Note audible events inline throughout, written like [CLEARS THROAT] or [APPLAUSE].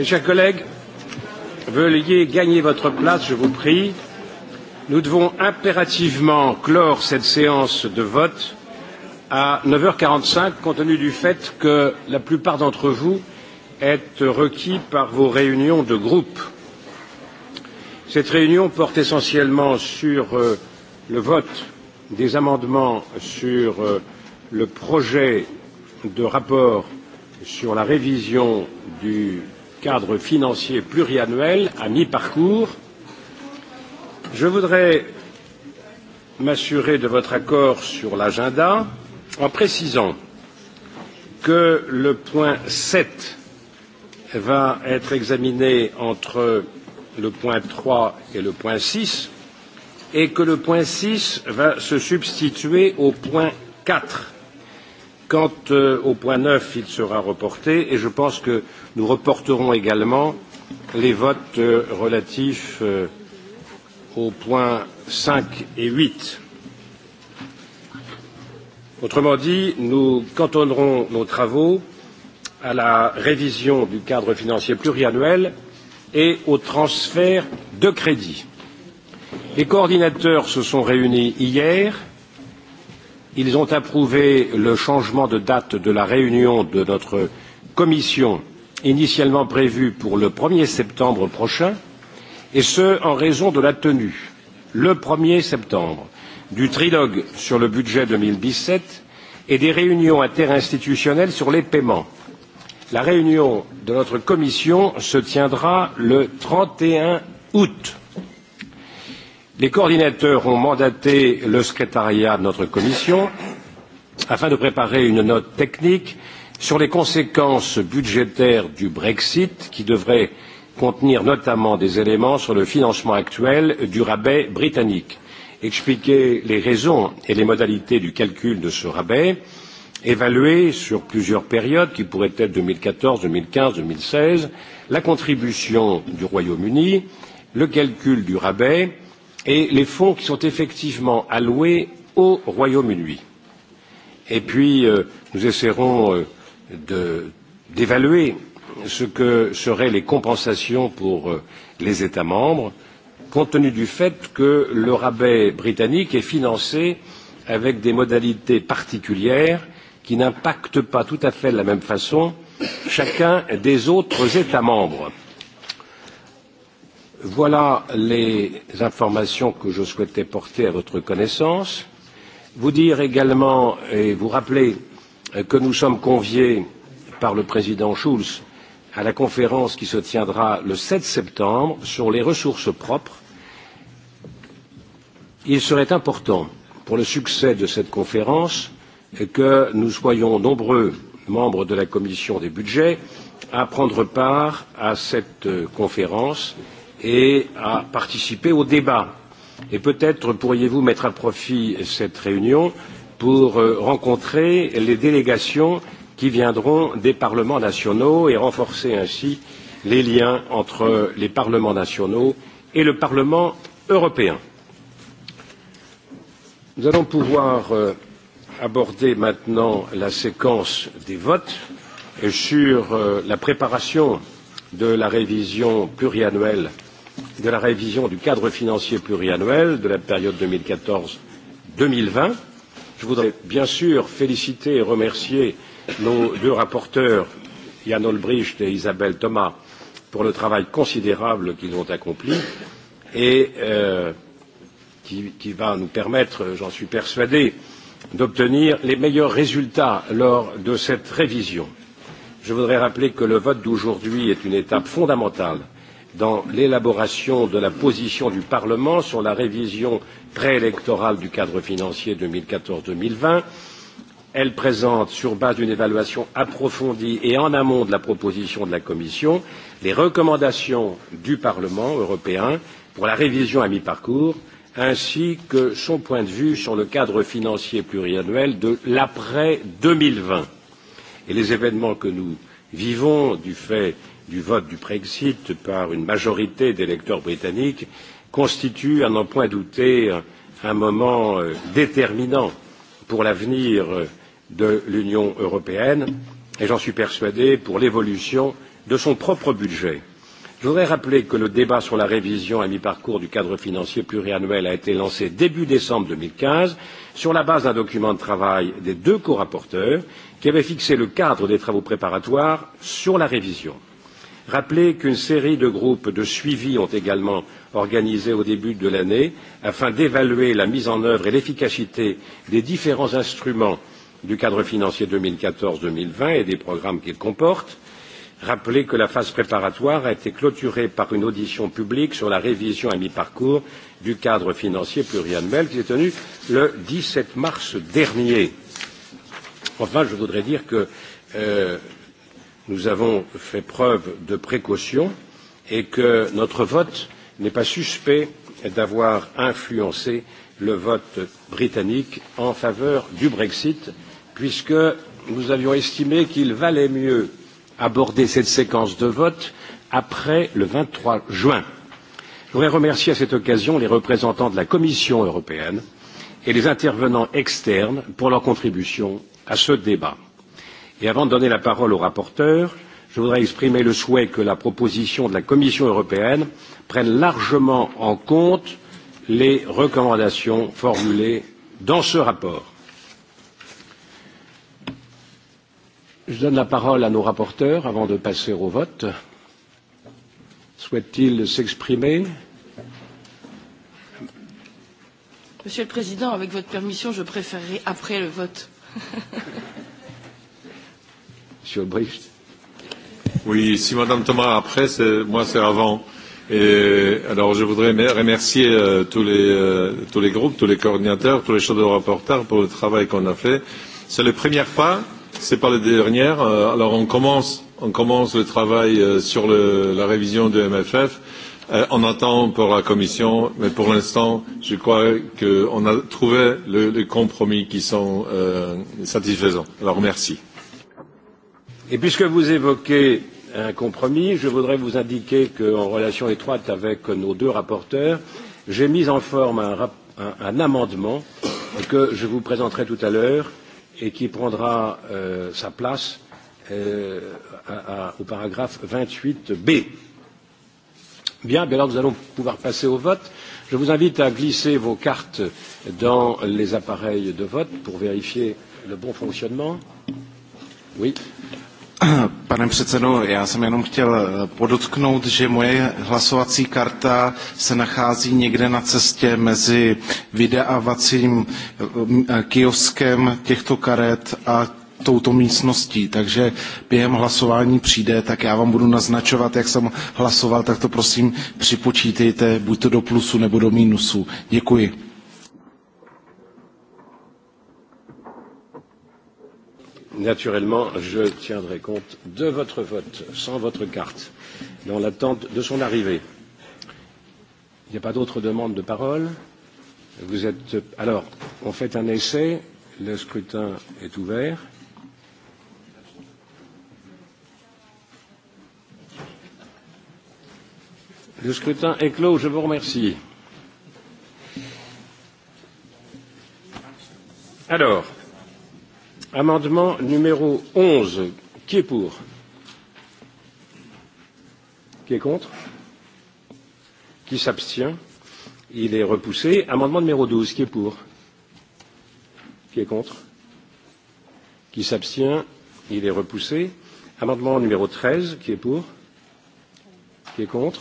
Mes chers collègues, veuillez gagner votre place, je vous prie. Nous devons impérativement clore cette séance de vote à 9h45, compte tenu du fait que la plupart d'entre vous êtes requis par vos réunions de groupe. Cette réunion porte essentiellement sur euh, le vote des amendements sur euh, le projet de rapport sur la révision du cadre financier pluriannuel à mi-parcours. Je voudrais m'assurer de votre accord sur l'agenda en précisant que le point 7 va être examiné entre le point 3 et le point 6 et que le point 6 va se substituer au point 4 Quant euh, au point 9, il sera reporté et je pense que nous reporterons également les votes euh, relatifs euh, aux points 5 et 8. Autrement dit, nous cantonnerons nos travaux à la révision du cadre financier pluriannuel et au transfert de crédits. Les coordinateurs se sont réunis hier Ils ont approuvé le changement de date de la réunion de notre commission initialement prévue pour le 1er septembre prochain, et ce en raison de la tenue, le 1er septembre, du trilogue sur le budget 2017 et des réunions interinstitutionnelles sur les paiements. La réunion de notre commission se tiendra le 31 août Les coordinateurs ont mandaté le secrétariat de notre commission afin de préparer une note technique sur les conséquences budgétaires du Brexit qui devrait contenir notamment des éléments sur le financement actuel du rabais britannique, expliquer les raisons et les modalités du calcul de ce rabais, évaluer sur plusieurs périodes qui pourraient être 2014, 2015, 2016 la contribution du Royaume-Uni, le calcul du rabais, et les fonds qui sont effectivement alloués au Royaume-Uni. Et puis, euh, nous essaierons euh, d'évaluer ce que seraient les compensations pour euh, les États membres, compte tenu du fait que le rabais britannique est financé avec des modalités particulières qui n'impactent pas tout à fait de la même façon chacun des autres États membres. Voilà les informations que je souhaitais porter à votre connaissance. Vous dire également et vous rappeler que nous sommes conviés par le président Schulz à la conférence qui se tiendra le 7 septembre sur les ressources propres. Il serait important pour le succès de cette conférence que nous soyons nombreux membres de la commission des budgets à prendre part à cette conférence et à participer au débat. Et peut-être pourriez-vous mettre à profit cette réunion pour euh, rencontrer les délégations qui viendront des parlements nationaux et renforcer ainsi les liens entre les parlements nationaux et le Parlement européen. Nous allons pouvoir euh, aborder maintenant la séquence des votes sur euh, la préparation de la révision pluriannuelle de la révision du cadre financier pluriannuel de la période 2014-2020. Je voudrais bien sûr féliciter et remercier nos deux rapporteurs, Jan Olbricht et Isabelle Thomas, pour le travail considérable qu'ils ont accompli et euh, qui, qui va nous permettre, j'en suis persuadé, d'obtenir les meilleurs résultats lors de cette révision. Je voudrais rappeler que le vote d'aujourd'hui est une étape fondamentale euh, dans l'élaboration de la position du Parlement sur la révision préélectorale du cadre financier 2014-2020. Elle présente, sur base d'une évaluation approfondie et en amont de la proposition de la Commission, les recommandations du Parlement européen pour la révision à mi-parcours, ainsi que son point de vue sur le cadre financier pluriannuel de l'après 2020. Et les événements que nous vivons du fait euh, du vote du Brexit par une majorité d'électeurs britanniques constitue, à n'en point douter, un moment euh, déterminant pour l'avenir euh, de l'Union européenne et, j'en suis persuadé, pour l'évolution de son propre budget. Je voudrais rappeler que le débat sur la révision à mi-parcours du cadre financier pluriannuel a été lancé début décembre 2015 sur la base d'un document de travail des deux corapporteurs qui avait fixé le cadre des travaux préparatoires sur la révision rappeler qu'une série de groupes de suivi ont également organisé au début de l'année afin d'évaluer la mise en œuvre et l'efficacité des différents instruments du cadre financier 2014-2020 et des programmes qu'il comporte. Rappeler que la phase préparatoire a été clôturée par une audition publique sur la révision à mi-parcours du cadre financier pluriannuel qui s'est tenue le 17 mars dernier. Enfin, je voudrais dire que euh, nous avons fait preuve de précaution et que notre vote n'est pas suspect d'avoir influencé le vote britannique en faveur du Brexit, puisque nous avions estimé qu'il valait mieux aborder cette séquence de vote après le 23 juin. Je voudrais remercier à cette occasion les représentants de la Commission européenne et les intervenants externes pour leur contribution à ce débat. Et avant de donner la parole au rapporteur, je voudrais exprimer le souhait que la proposition de la Commission européenne prenne largement en compte les recommandations formulées dans ce rapport. Je donne la parole à nos rapporteurs avant de passer au vote. Souhaite-t-il s'exprimer Monsieur le Président, avec votre permission, je préférerais après le vote. [LAUGHS] Monsieur Bricht. Oui, si Madame Thomas après, moi c'est avant. Et alors je voudrais remercier euh, tous, les, euh, tous les groupes, tous les coordinateurs, tous les shadow rapporteurs pour le travail qu'on a fait. C'est le premier pas, ce n'est pas le dernier. Euh, alors on commence, on commence le travail euh, sur le, la révision du MFF. Euh, on attend pour la Commission, mais pour l'instant, je crois qu'on a trouvé le, les compromis qui sont euh, satisfaisants. Alors merci. Et puisque vous évoquez un compromis, je voudrais vous indiquer qu'en relation étroite avec nos deux rapporteurs, j'ai mis en forme un, rap, un, un amendement que je vous présenterai tout à l'heure et qui prendra euh, sa place euh, à, à, au paragraphe 28b. Bien, bien alors nous allons pouvoir passer au vote. Je vous invite à glisser vos cartes dans les appareils de vote pour vérifier le bon fonctionnement. Oui. [CLEARS THROAT] Pane předsedo, já jsem jenom chtěl eh, podotknout, že moje hlasovací karta se nachází někde na cestě mezi vydávacím eh, eh, kioskem těchto karet a touto místností, takže během hlasování přijde, tak já vám budu naznačovat, jak jsem hlasoval, tak to prosím připočítejte buď to do plusu nebo do mínusu. Děkuji. Naturellement, je tiendrai compte de votre vote, sans votre carte, dans l'attente de son arrivée. Il n'y a pas d'autres demandes de parole Vous êtes. Alors, on fait un essai. Le scrutin est ouvert. Le scrutin est clos. Je vous remercie. Alors, Amendement numéro 11. Qui est pour Qui est contre Qui s'abstient Il est repoussé. Amendement numéro 12. Qui est pour Qui est contre Qui s'abstient Il est repoussé. Amendement numéro 13. Qui est pour Qui est contre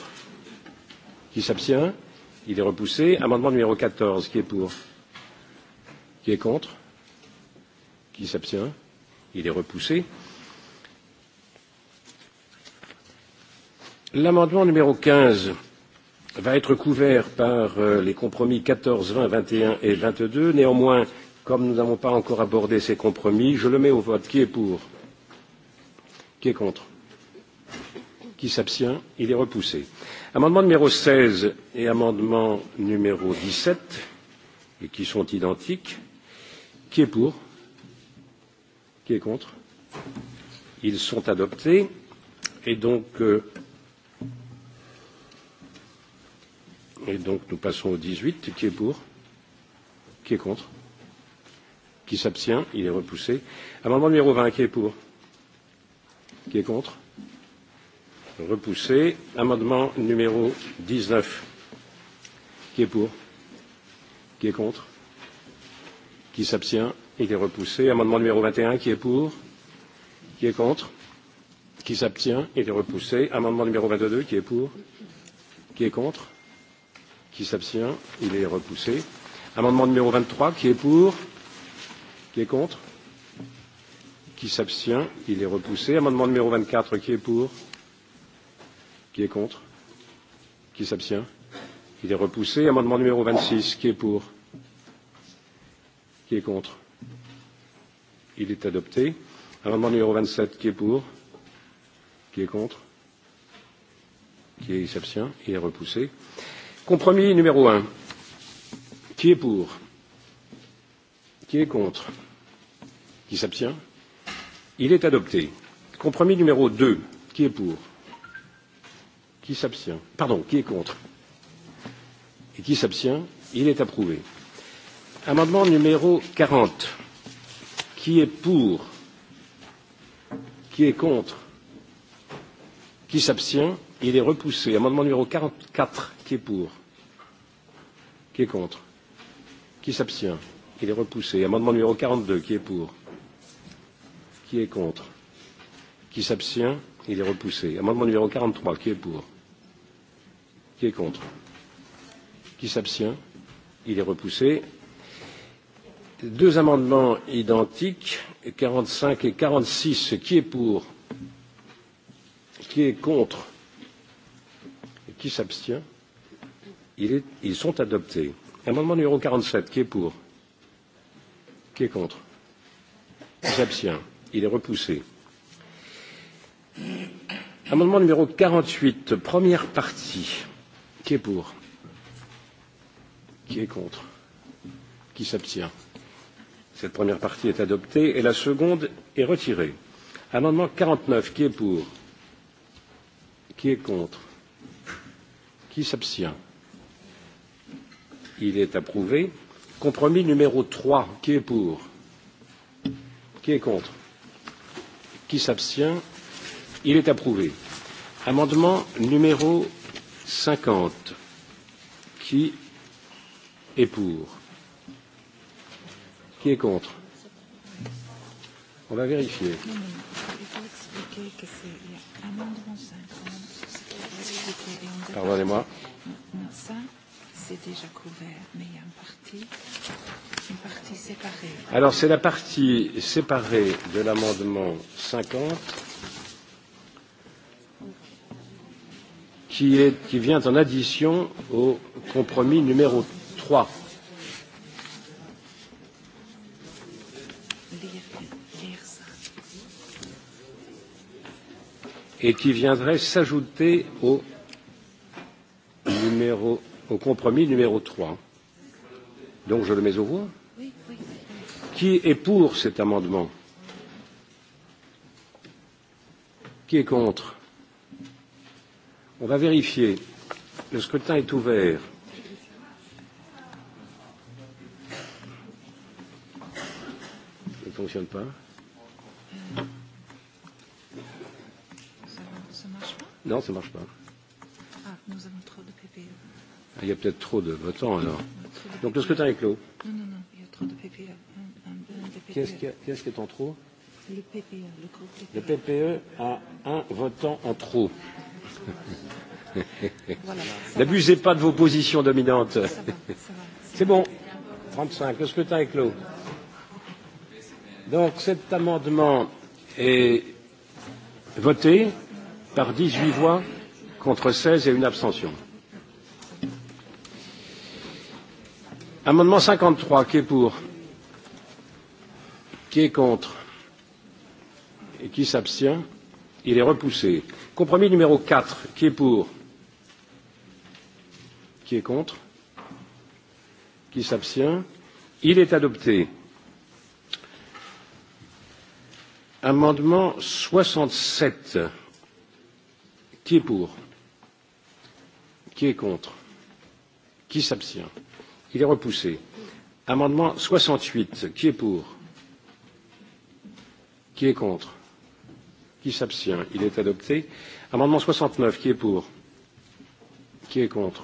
Qui s'abstient Il est repoussé. Amendement numéro 14. Qui est pour Qui est contre Qui s'abstient Il est repoussé. L'amendement numéro 15 va être couvert par euh, les compromis 14, 20, 21 et 22. Néanmoins, comme nous n'avons pas encore abordé ces compromis, je le mets au vote. Qui est pour Qui est contre Qui s'abstient Il est repoussé. Amendement numéro 16 et amendement numéro 17, et qui sont identiques. Qui est pour Qui est contre Ils sont adoptés. Et donc, euh, et donc nous passons au 18. Qui est pour Qui est contre Qui s'abstient Il est repoussé. Amendement numéro 20. Qui est pour Qui est contre Repoussé. Amendement numéro 19. Qui est pour Qui est contre Qui s'abstient Il est repoussé. Amendement numéro 21, qui est pour Qui est contre Qui s'abstient Il est repoussé. Amendement numéro 22, qui est pour Qui est contre Qui s'abstient Il est repoussé. Amendement numéro 23, qui est pour Qui est contre Qui s'abstient Il est repoussé. Amendement numéro 24, qui est pour Qui est contre Qui s'abstient Il est repoussé. Amendement numéro 26, qui est pour Qui est contre Il est adopté. Amendement numéro 27, qui est pour Qui est contre Qui s'abstient Il est repoussé. Compromis numéro 1. Qui est pour Qui est contre Qui s'abstient Il est adopté. Compromis numéro 2. Qui est pour Qui s'abstient Pardon, qui est contre Et qui s'abstient Il est approuvé. Amendement numéro 40. Qui est pour Qui est contre Qui s'abstient Il est repoussé. Amendement numéro 44. Qui est pour Qui est contre Qui s'abstient Il est repoussé. Amendement numéro 42. Qui est pour Qui est contre Qui s'abstient Il est repoussé. Amendement numéro 43. Qui est pour Qui est contre Qui s'abstient Il est repoussé deux amendements identiques quarante cinq et quarante six qui est pour qui est contre et qui s'abstient ils sont adoptés. amendement numéro quarante sept qui est pour qui est contre qui s'abstient il est repoussé. amendement numéro quarante huit première partie qui est pour qui est contre qui s'abstient? Cette première partie est adoptée et la seconde est retirée. Amendement 49, qui est pour Qui est contre Qui s'abstient Il est approuvé. Compromis numéro 3, qui est pour Qui est contre Qui s'abstient Il est approuvé. Amendement numéro 50, qui est pour Qui est contre On va vérifier. Non, non, il faut expliquer que c'est amendement 5. Pardonnez-moi. Ça, c'est déjà couvert, mais il y a une partie, une partie séparée. Alors, c'est la partie séparée de l'amendement 50 qui, est, qui vient en addition au compromis numéro 3. et qui viendrait s'ajouter au, numéro, au compromis numéro 3. Donc je le mets aux voix. Qui est pour cet amendement Qui est contre On va vérifier. Le scrutin est ouvert. Ça ne fonctionne pas. Non, ça ne marche pas. Ah, nous avons trop de PPE. Ah, il y a peut-être trop de votants alors. De Donc le scrutin e. est clos. Non, non, non, il y a trop de PPE. Un, un, un PPE. Qu'est-ce qui est, qu est en trop Le PPE, le groupe PPE. Le PPE a un votant en trop. [LAUGHS] voilà, N'abusez pas de vos positions dominantes. Ça va, ça va. C'est bon. 35. Le scrutin est clos. Donc cet amendement est voté par 18 voix contre 16 et une abstention. Amendement 53, qui est pour Qui est contre Et qui s'abstient Il est repoussé. Compromis numéro 4, qui est pour Qui est contre Qui s'abstient Il est adopté. Amendement 67 Qui est pour Qui est contre Qui s'abstient Il est repoussé. Amendement 68. Qui est pour Qui est contre Qui s'abstient Il est adopté. Amendement 69. Qui est pour Qui est contre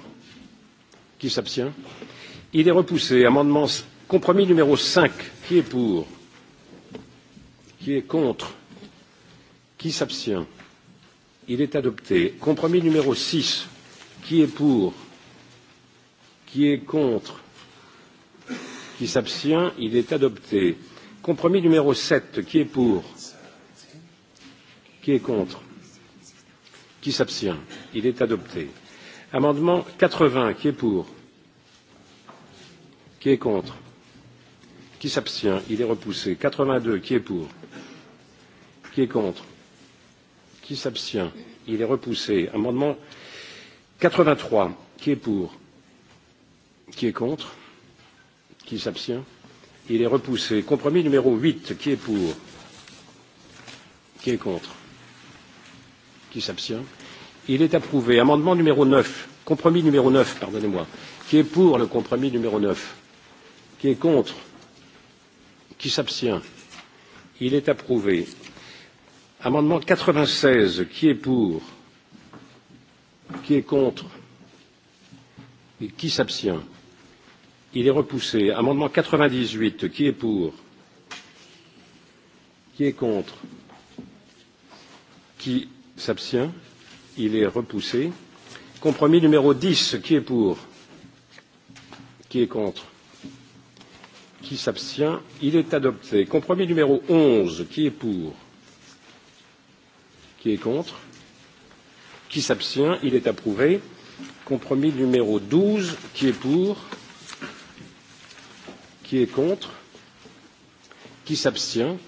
Qui s'abstient Il est repoussé. Amendement compromis numéro 5. Qui est pour Qui est contre Qui s'abstient Il est adopté. Compromis numéro 6. Qui est pour Qui est contre Qui s'abstient Il est adopté. Compromis numéro 7. Qui est pour Qui est contre Qui s'abstient Il est adopté. Amendement 80. Qui est pour Qui est contre Qui s'abstient Il est repoussé. 82. Qui est pour Qui est contre Qui s'abstient Il est repoussé. Amendement 83. Qui est pour Qui est contre Qui s'abstient Il est repoussé. Compromis numéro 8. Qui est pour Qui est contre Qui s'abstient Il est approuvé. Amendement numéro 9. Compromis numéro 9, pardonnez-moi. Qui est pour le compromis numéro 9 Qui est contre Qui s'abstient Il est approuvé. Amendement 96, qui est pour Qui est contre Et qui s'abstient Il est repoussé. Amendement 98, qui est pour Qui est contre Qui s'abstient Il est repoussé. Compromis numéro 10, qui est pour Qui est contre Qui s'abstient Il est adopté. Compromis numéro 11, qui est pour Qui est contre Qui s'abstient Il est approuvé. Compromis numéro 12. Qui est pour Qui est contre Qui s'abstient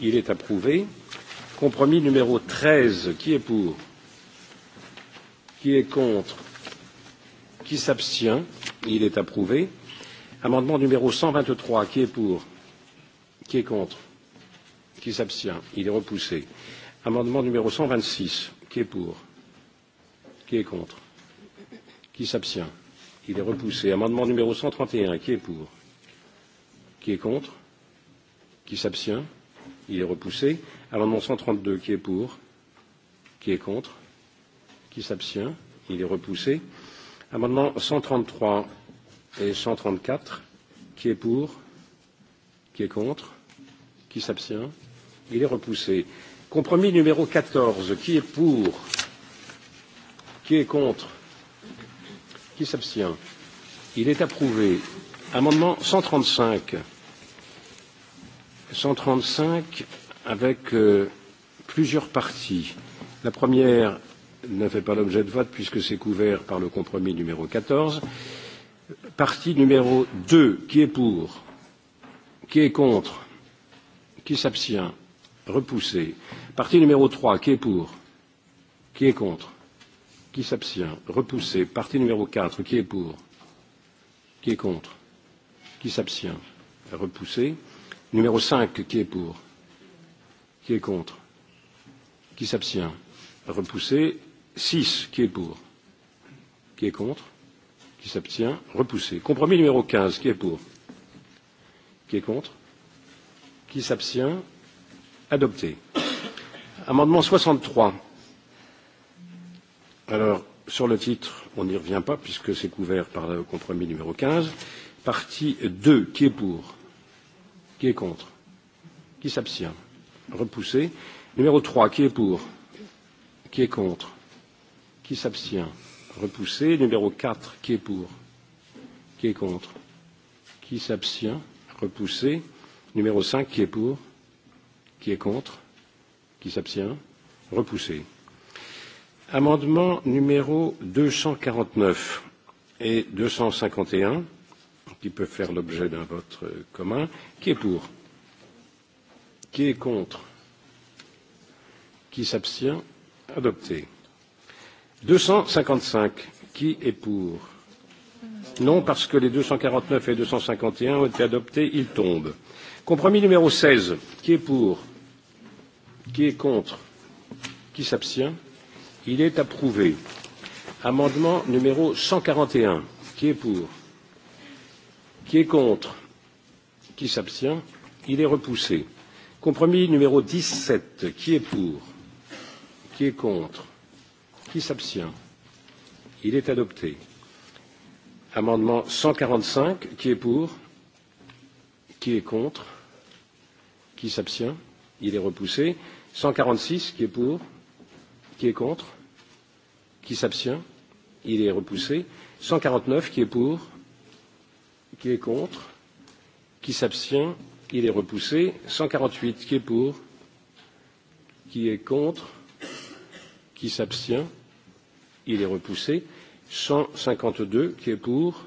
Il est approuvé. Compromis numéro 13. Qui est pour Qui est contre Qui s'abstient Il est approuvé. Amendement numéro 123. Qui est pour Qui est contre Qui s'abstient Il est repoussé. Euh, Amendement numéro 126. Qui est pour Qui est contre Qui s'abstient Il est repoussé. Amendement numéro 131. Qui est pour Qui est contre Qui s'abstient Il est repoussé. Amendement 132. Qui est pour Qui est contre Qui s'abstient Il est repoussé. Amendement 133 et 134. Qui est pour Qui est contre Qui s'abstient Il est repoussé. Compromis numéro 14. Qui est pour Qui est contre Qui s'abstient Il est approuvé. Amendement 135. 135 avec euh, plusieurs parties. La première ne fait pas l'objet de vote puisque c'est couvert par le compromis numéro 14. Partie numéro 2. Qui est pour Qui est contre Qui s'abstient repoussé. Partie numéro 3, qui est pour Qui est contre Qui s'abstient Repoussé. Partie numéro 4, qui est pour Qui est contre Qui s'abstient Repoussé. Numéro 5, qui est pour Qui est contre Qui s'abstient Repoussé. 6, qui est pour Qui est contre Qui s'abstient Repoussé. Compromis numéro 15, qui est pour Qui est contre Qui s'abstient Adopté. Amendement 63. Alors, sur le titre, on n'y revient pas puisque c'est couvert par le compromis numéro 15. Partie 2, qui est pour Qui est contre Qui s'abstient Repoussé. Numéro 3, qui est pour Qui est contre Qui s'abstient Repoussé. Numéro 4, qui est pour Qui est contre Qui s'abstient Repoussé. Numéro 5, qui est pour Qui est contre Qui s'abstient Repoussé. Amendement numéro 249 et 251, qui peuvent faire l'objet d'un vote euh, commun. Qui est pour Qui est contre Qui s'abstient Adopté. 255. Qui est pour Non, parce que les 249 et 251 ont été adoptés, ils tombent. Compromis numéro 16. Qui est pour Qui est contre Qui s'abstient Il est approuvé. Amendement numéro 141. Qui est pour Qui est contre Qui s'abstient Il est repoussé. Compromis numéro 17. Qui est pour Qui est contre Qui s'abstient Il est adopté. Amendement 145. Qui est pour Qui est contre Qui s'abstient il est repoussé. 146, qui est pour, qui est contre, qui s'abstient, il est repoussé. 149, qui est pour, qui est contre, qui s'abstient, il est repoussé. 148, qui est pour, qui est contre, qui s'abstient, il est repoussé. 152, qui est pour,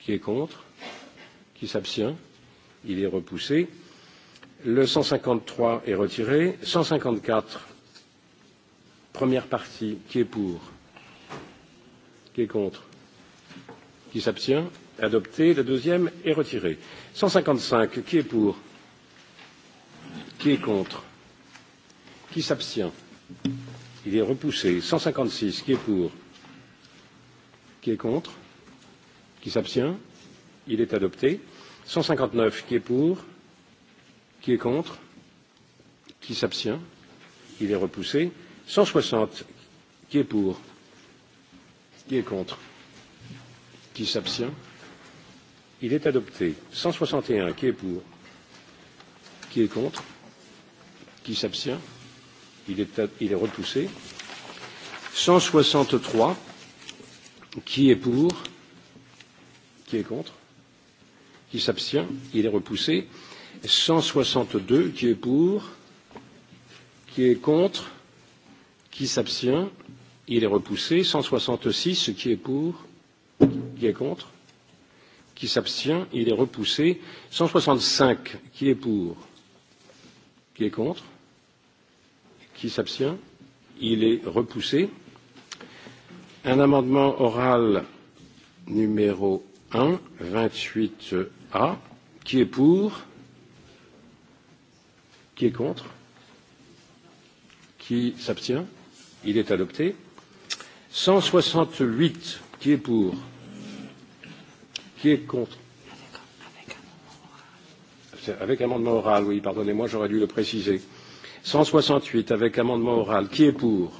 qui est contre, qui s'abstient, il est repoussé. Le 153 est retiré. 154, première partie, qui est pour Qui est contre Qui s'abstient Adopté. La deuxième est retirée. 155, qui est pour Qui est contre Qui s'abstient Il est repoussé. 156, qui est pour Qui est contre Qui s'abstient Il est adopté. 159, qui est pour Qui est contre Qui s'abstient Il est repoussé. 160. Qui est pour Qui est contre Qui s'abstient Il est adopté. 161. Qui est pour Qui est contre Qui s'abstient il est, il est repoussé. 163. Qui est pour Qui est contre Qui s'abstient Il est repoussé. Euh, 162, qui est pour, qui est contre, qui s'abstient, il est repoussé. 166, qui est pour, qui est contre, qui s'abstient, il est repoussé. 165, qui est pour, qui est contre, qui s'abstient, il est repoussé. Un amendement oral numéro 1, 28A, qui est pour, Qui est contre Qui s'abstient Il est adopté. 168, qui est pour Qui est contre Avec amendement oral, oui, pardonnez-moi, j'aurais dû le préciser. 168 avec amendement oral. Qui est pour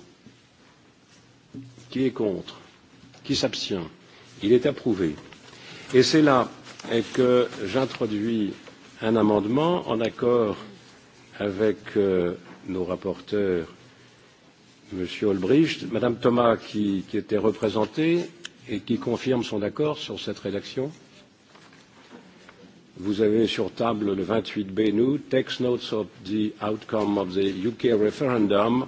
Qui est contre Qui s'abstient Il est approuvé. Et c'est là que j'introduis un amendement en accord euh, avec euh, nos rapporteurs, M. Olbricht, Mme Thomas qui, qui était représentée et qui confirme son accord sur cette rédaction. Vous avez sur table le 28B nous, Text Notes of the Outcome of the UK Referendum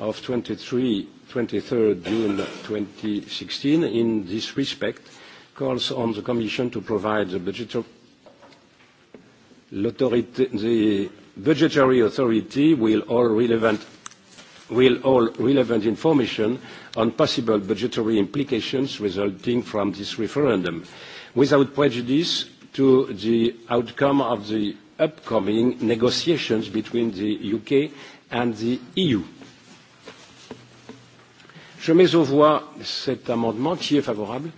of 23, 23rd June 2016. In this respect, calls on the Commission to provide the budgetary l'autorité budgetary authority will all relevant will all relevant information on possible budgetary implications resulting from this referendum, without prejudice to the outcome of the upcoming negotiations between the U.K. and the EU. Je mets aux voix cet amendement. Qui est favorable?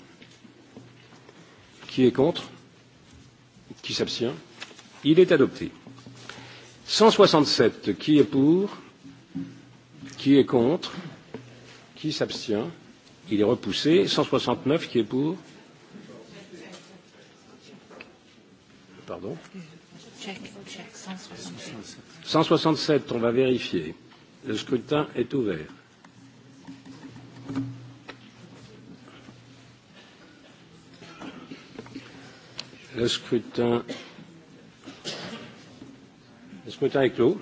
Qui est contre? Qui s'abstient? Il est adopté. 167, qui est pour Qui est contre Qui s'abstient Il est repoussé. 169, qui est pour Pardon check, check, 167. 167, on va vérifier. Le scrutin est ouvert. Le scrutin Le scrutin est clos.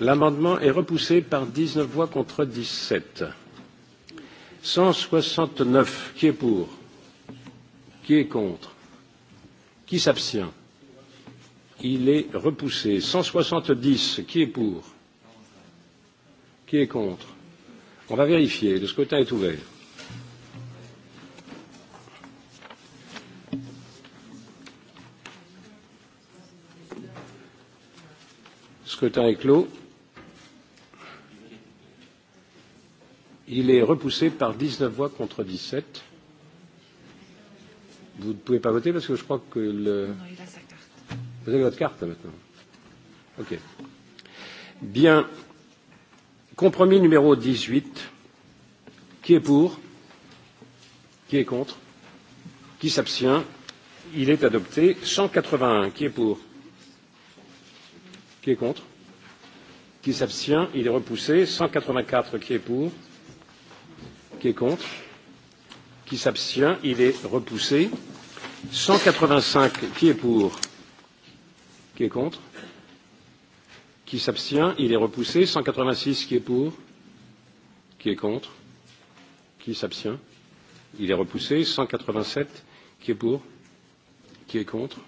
L'amendement est repoussé par 19 voix contre 17. 169. Qui est pour Qui est contre Qui s'abstient Il est repoussé. 170. Qui est pour Qui est contre On va vérifier. Le scrutin est ouvert. Scrutin est clos. Il est repoussé par 19 voix contre 17. Vous ne pouvez pas voter parce que je crois que le. Non, il a sa carte. Vous avez votre carte maintenant. OK. Bien. Compromis numéro 18. Qui est pour Qui est contre Qui s'abstient Il est adopté. 181. Qui est pour Qui est contre Qui s'abstient Il est repoussé. 184, qui est pour Qui est contre Qui s'abstient Il est repoussé. 185, qui est pour Qui est contre Qui s'abstient Il est repoussé. 186, qui est pour Qui est contre Qui s'abstient Il est repoussé. 187, qui est pour Qui est contre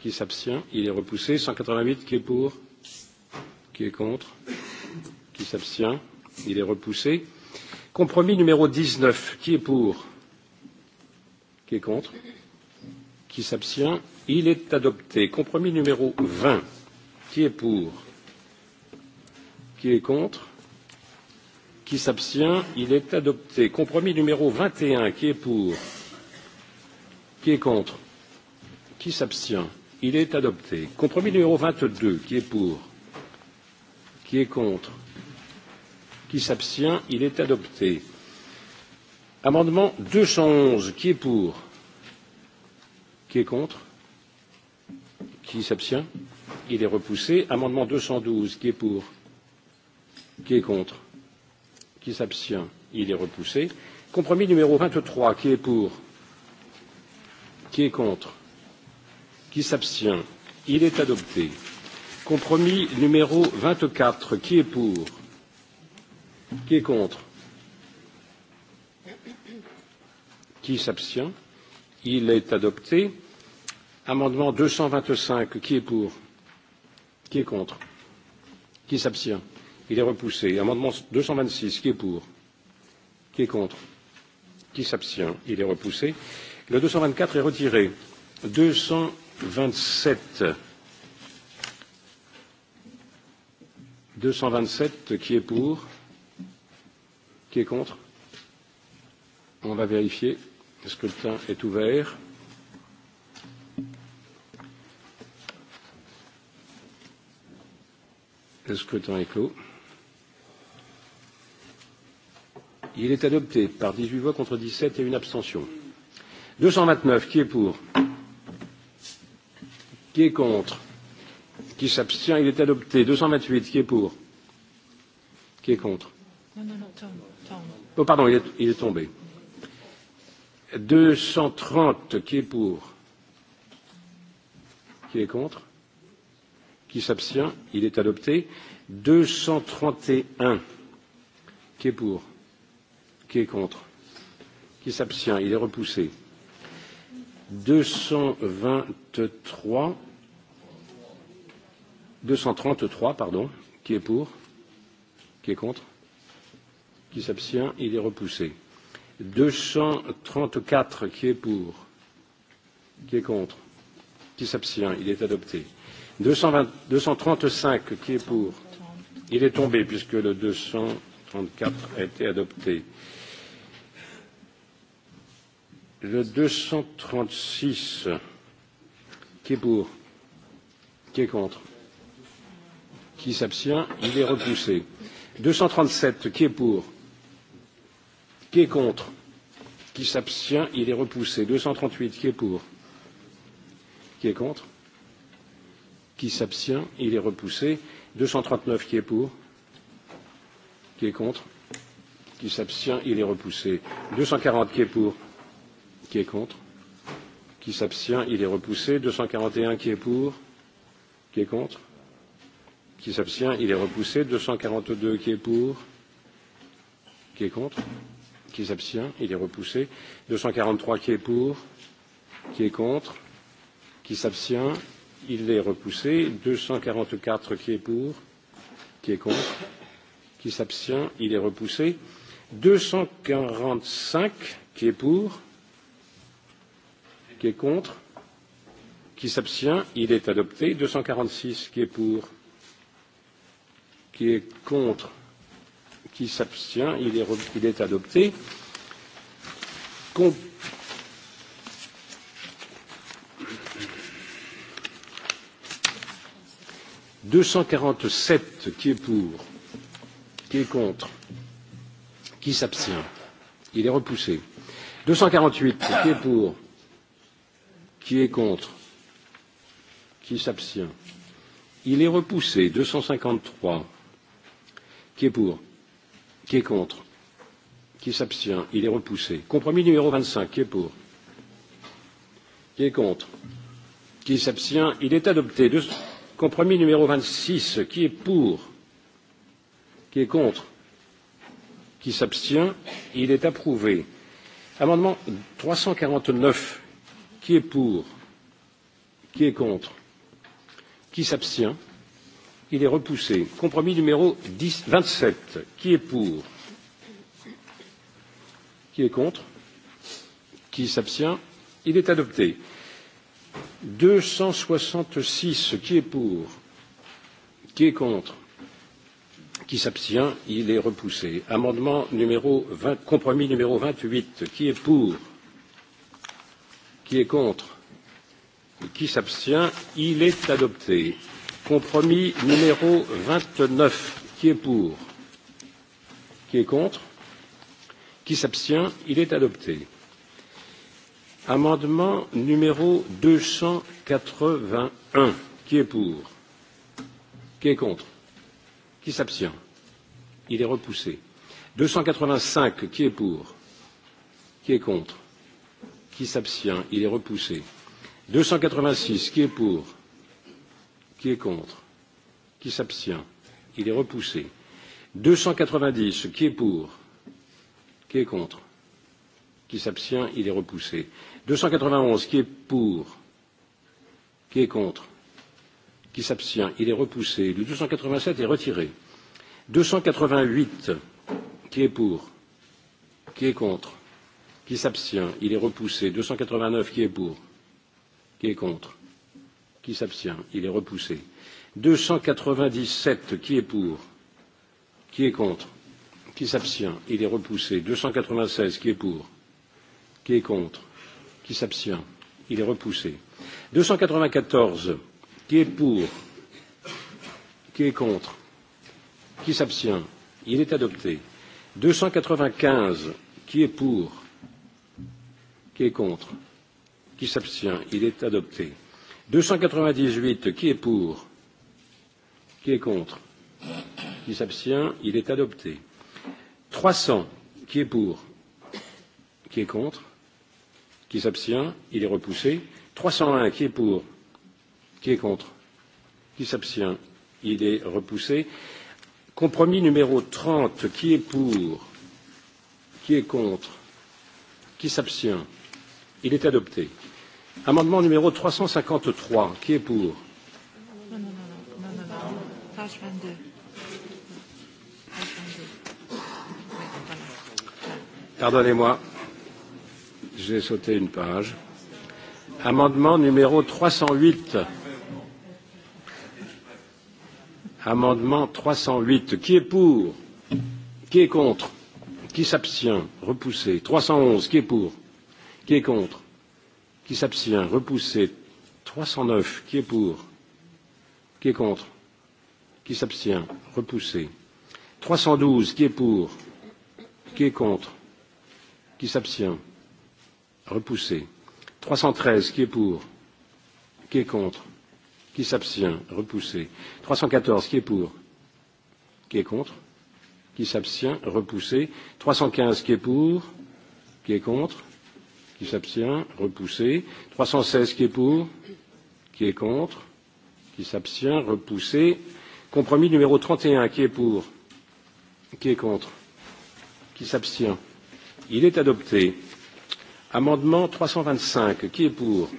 qui s'abstient, il est repoussé. 188 qui est pour, qui est contre, qui s'abstient, il est repoussé. Compromis numéro 19, qui est pour, qui est contre, qui s'abstient, il est adopté. Compromis numéro 20, qui est pour, qui est contre, qui s'abstient, il est adopté. Compromis numéro 21, qui est pour, qui est contre, qui s'abstient, Il est adopté. Compromis numéro 22, qui est pour Qui est contre Qui s'abstient Il est adopté. Amendement 211, qui est pour Qui est contre Qui s'abstient Il est repoussé. Amendement 212, qui est pour Qui est contre Qui s'abstient Il est repoussé. Compromis numéro 23, qui est pour Qui est contre qui s'abstient il est adopté compromis numéro vingt quatre qui est pour qui est contre qui s'abstient il est adopté amendement deux cent vingt cinq qui est pour qui est contre qui s'abstient il est repoussé amendement deux cent vingt six qui est pour qui est contre qui s'abstient il est repoussé le deux cent vingt quatre est retiré deux cent 27. 227, qui est pour Qui est contre On va vérifier. Le scrutin est ouvert. Le scrutin est clos. Il est adopté par 18 voix contre 17 et une abstention. 229, qui est pour Qui est contre Qui s'abstient Il est adopté. 228. Qui est pour Qui est contre Non, non, non, tombe. tombe. Oh, pardon, il est, il est tombé. 230. Qui est pour Qui est contre Qui s'abstient Il est adopté. 231. Qui est pour Qui est contre Qui s'abstient Il est repoussé. 223 233, pardon. Qui est pour Qui est contre Qui s'abstient Il est repoussé. 234, qui est pour Qui est contre Qui s'abstient Il est adopté. 220, 235, qui est pour Il est tombé puisque le 234 a été adopté. Le 236, qui est pour Qui est contre qui s'abstient il est repoussé deux cent trente sept qui est pour qui est contre qui s'abstient il est repoussé deux cent trente huit qui est pour qui est contre qui s'abstient il est repoussé deux cent trente neuf qui est pour qui est contre qui s'abstient il est repoussé deux cent quarante qui est pour qui est contre qui s'abstient il est repoussé deux cent quarante et un qui est pour qui est contre Qui s'abstient Il est repoussé. 242 qui est pour Qui est contre Qui s'abstient Il est repoussé. 243 qui est pour Qui est contre Qui s'abstient Il est repoussé. 244 qui est pour Qui est contre Qui s'abstient Il est repoussé. 245 qui est pour Qui est contre Qui s'abstient Il est adopté. 246 qui est pour qui est contre, qui s'abstient, il est, il est adopté. Com deux cent quarante sept qui est pour, qui est contre, qui s'abstient, il est repoussé. deux cent quarante huit qui est pour, qui est contre, qui s'abstient, il est repoussé. deux cent cinquante trois Qui est pour Qui est contre Qui s'abstient Il est repoussé. Compromis numéro 25. Qui est pour Qui est contre Qui s'abstient Il est adopté. Deux... Compromis numéro 26. Qui est pour Qui est contre Qui s'abstient Il est approuvé. Amendement 349. Qui est pour Qui est contre Qui s'abstient Il est repoussé. Compromis numéro 10, 27. Qui est pour Qui est contre Qui s'abstient Il est adopté. 266. Qui est pour Qui est contre Qui s'abstient Il est repoussé. Amendement numéro 20, compromis numéro 28. Qui est pour Qui est contre Qui s'abstient Il est adopté compromis numéro 29. Qui est pour Qui est contre Qui s'abstient Il est adopté. Amendement numéro 281. Qui est pour Qui est contre Qui s'abstient Il est repoussé. 285. Qui est pour Qui est contre Qui s'abstient Il est repoussé. 286. Qui est pour Qui est contre Qui s'abstient Il est repoussé. 290, qui est pour Qui est contre Qui s'abstient Il est repoussé. 291, qui est pour Qui est contre Qui s'abstient Il est repoussé. Le 287 est retiré. 288, qui est pour Qui est contre Qui s'abstient Il est repoussé. 289, qui est pour Qui est contre Qui s'abstient Il est repoussé. 297, qui est pour Qui est contre Qui s'abstient Il est repoussé. 296, qui est pour Qui est contre Qui s'abstient Il est repoussé. 294, qui est pour Qui est contre Qui s'abstient Il est adopté. 295, qui est pour Qui est contre Qui s'abstient Il est adopté deux cent quatre vingt dix huit qui est pour qui est contre qui s'abstient il est adopté trois cents qui est pour qui est contre qui s'abstient il est repoussé trois cent un qui est pour qui est contre qui s'abstient il est repoussé compromis numéro trente qui est pour qui est contre qui s'abstient il est adopté Amendement numéro 353. Qui est pour Non, non, non, non, non, non, non. Page 22. Page 22. Ouais, voilà. Pardonnez-moi, j'ai sauté une page. Amendement numéro 308. Amendement 308. Qui est pour Qui est contre Qui s'abstient Repoussé. 311. Qui est pour Qui est contre qui s'abstient, repoussé. 309, qui est pour, qui est contre, qui s'abstient, repoussé. 312, qui est pour, qui est contre, qui s'abstient, repoussé. 313, qui est pour, qui est contre, qui s'abstient, repoussé. 314, qui est pour, qui est contre, qui s'abstient, repoussé. 315, qui est pour, qui est contre, qui s'abstient, repoussé. 316 qui est pour, qui est contre, qui s'abstient, repoussé. Compromis numéro 31 qui est pour, qui est contre, qui s'abstient. Il est adopté. Amendement 325 qui est pour,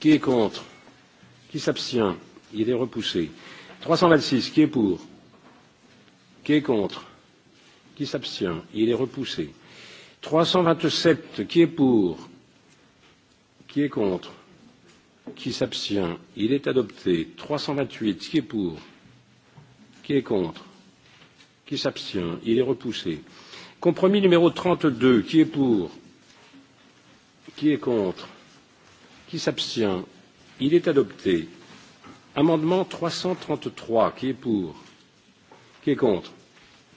qui est contre, qui s'abstient, il est repoussé. 326 qui est pour, qui est contre, qui s'abstient, il est repoussé. 327, qui est pour Qui est contre Qui s'abstient Il est adopté. 328, qui est pour Qui est contre Qui s'abstient Il est repoussé. Compromis numéro 32, qui est pour Qui est contre Qui s'abstient Il est adopté. Amendement 333, qui est pour Qui est contre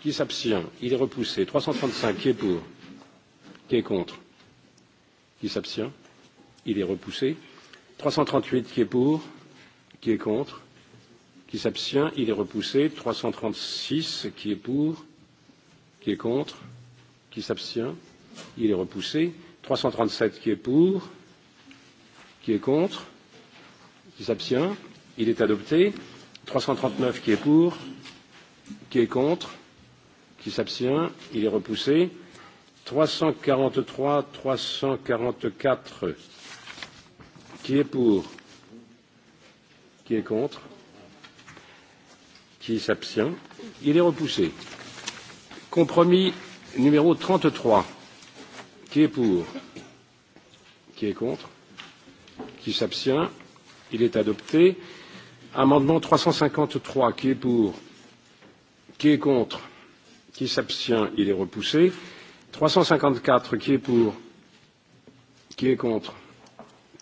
Qui s'abstient Il est repoussé. 335, qui est pour Qui est contre Qui s'abstient Il est repoussé. 338 qui est pour Qui est contre Qui s'abstient Il est repoussé. 336 qui est pour Qui est contre Qui s'abstient Il est repoussé. 337 qui est pour Qui est contre Qui s'abstient Il est adopté. 339 qui est pour Qui est contre Qui s'abstient Il est repoussé. 343, 344. Qui est pour Qui est contre Qui s'abstient Il est repoussé. Compromis numéro 33. Qui est pour Qui est contre Qui s'abstient Il est adopté. Amendement 353. Qui est pour Qui est contre Qui s'abstient Il est repoussé. 354, qui est pour Qui est contre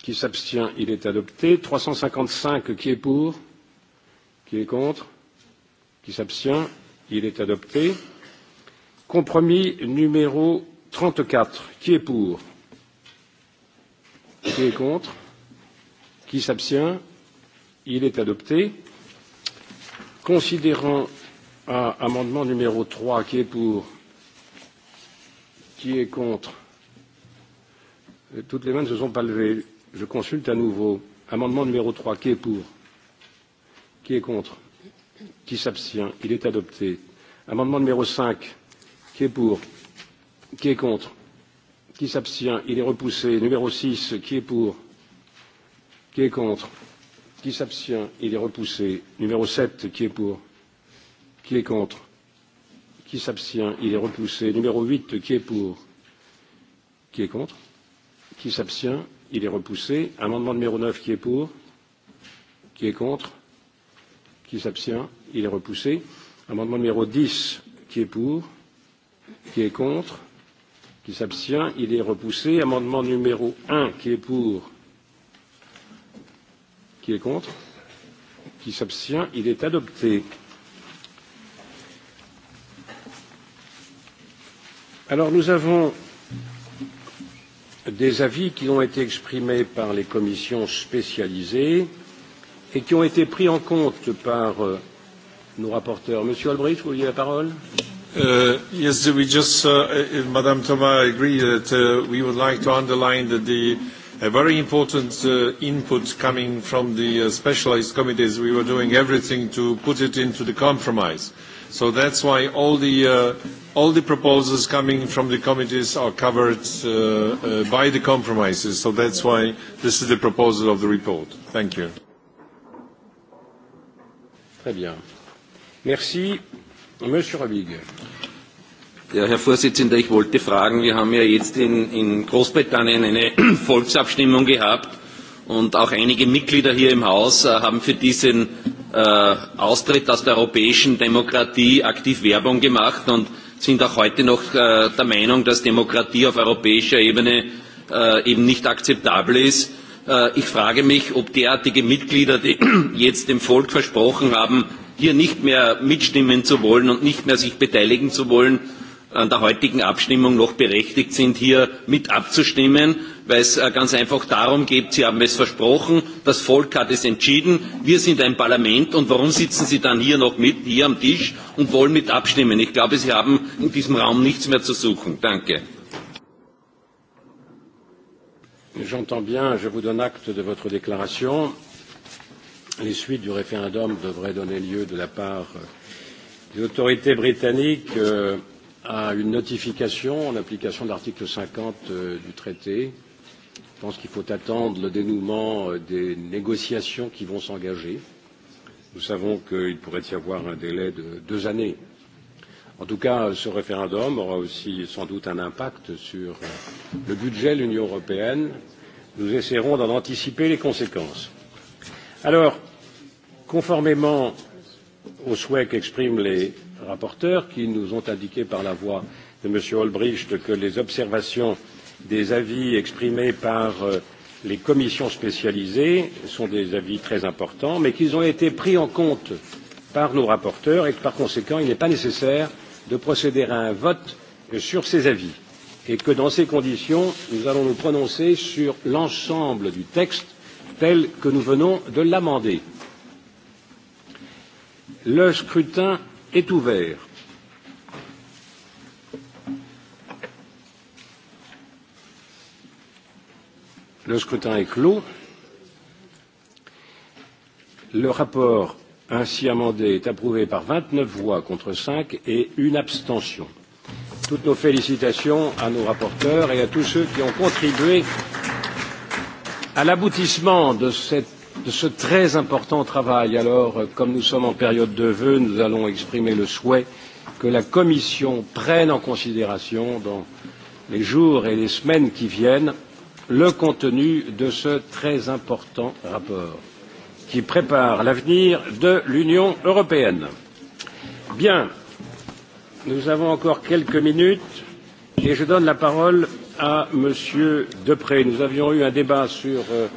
Qui s'abstient Il est adopté. 355, qui est pour Qui est contre Qui s'abstient Il est adopté. Compromis numéro 34, qui est pour Qui est contre Qui s'abstient Il est adopté. Considérant à amendement numéro 3, qui est pour Qui est contre Toutes les mains ne se sont pas levées. Je consulte à nouveau. Amendement numéro 3, qui est pour Qui est contre Qui s'abstient Il est adopté. Amendement numéro 5, qui est pour Qui est contre Qui s'abstient Il est repoussé. Numéro 6, qui est pour Qui est contre Qui s'abstient Il est repoussé. Numéro 7, qui est pour Qui est contre Qui s'abstient Il est repoussé. Numéro 8, qui est pour Qui est contre Qui s'abstient Il est repoussé. Amendement numéro 9, qui est pour Qui est contre Qui s'abstient Il est repoussé. Amendement numéro 10, qui est pour Qui est contre Qui s'abstient Il est repoussé. Amendement numéro 1, qui est pour Qui est contre Qui s'abstient Il est adopté. Alors nous avons des avis qui ont été exprimés par les commissions spécialisées et qui ont été pris en compte par euh, nos rapporteurs. Monsieur Albrecht, vous vouliez la parole Uh, yes, we just, uh, uh, Madame Thomas, I agree that uh, we would like to underline that the a very important uh, input coming from the uh, specialized committees, we were doing everything to put it into the compromise. So that's why all the uh, all the proposals coming from the committees are covered uh, uh, by the compromises, so that's why this is the proposal of the report. Thank you. Très bien. Merci. Monsieur Rabig. Ja, Herr Vorsitzender, ich wollte fragen, wir haben ja jetzt in, in Großbritannien eine [CLEARS THROAT] Volksabstimmung gehabt und auch einige Mitglieder hier im Haus äh, haben für diesen äh, Austritt aus der europäischen Demokratie aktiv Werbung gemacht und äh, sind auch heute noch äh, der Meinung, dass Demokratie auf europäischer Ebene äh, eben nicht akzeptabel ist. Äh, ich frage mich, ob derartige Mitglieder, die [CLEARS THROAT] jetzt dem Volk versprochen haben, hier nicht mehr mitstimmen zu wollen und nicht mehr sich beteiligen zu wollen, äh, an der heutigen Abstimmung noch berechtigt sind, hier mit abzustimmen, weil es äh, ganz einfach darum geht, Sie haben es versprochen, das Volk hat es entschieden, wir sind ein Parlament und warum sitzen Sie dann hier noch mit, hier am Tisch und wollen mit abstimmen? Ich glaube, Sie haben in diesem Raum nichts mehr zu suchen. Danke. J'entends bien, je vous donne acte de votre déclaration. Les suites du référendum devraient donner lieu de la part des autorités britanniques euh, à une notification en application de l'article 50 euh, du traité. Je pense qu'il faut attendre le dénouement euh, des négociations qui vont s'engager. Nous savons qu'il pourrait y avoir un délai de deux années. En tout cas, ce référendum aura aussi sans doute un impact sur euh, le budget de l'Union européenne. Nous essaierons d'en anticiper les conséquences. Alors, conformément aux souhaits qu'expriment les rapporteurs qui nous ont indiqué par la voix de M. Olbricht que les observations des avis exprimés par euh, les commissions spécialisées sont des avis très importants, mais qu'ils ont été pris en compte par nos rapporteurs et que par conséquent il n'est pas nécessaire de procéder à un vote sur ces avis et que dans ces conditions nous allons nous prononcer sur l'ensemble du texte tel que nous venons de l'amender. Le scrutin est ouvert. Le scrutin est clos. Le rapport ainsi amendé est approuvé par 29 voix contre 5 et une abstention. Toutes nos félicitations à nos rapporteurs et à tous ceux qui ont contribué à l'aboutissement de cette de ce très important travail. Alors, euh, comme nous sommes en période de vœux, nous allons exprimer le souhait que la Commission prenne en considération dans les jours et les semaines qui viennent le contenu de ce très important rapport qui prépare l'avenir de l'Union européenne. Bien, nous avons encore quelques minutes et je donne la parole à Monsieur Depré. Nous avions eu un débat sur euh,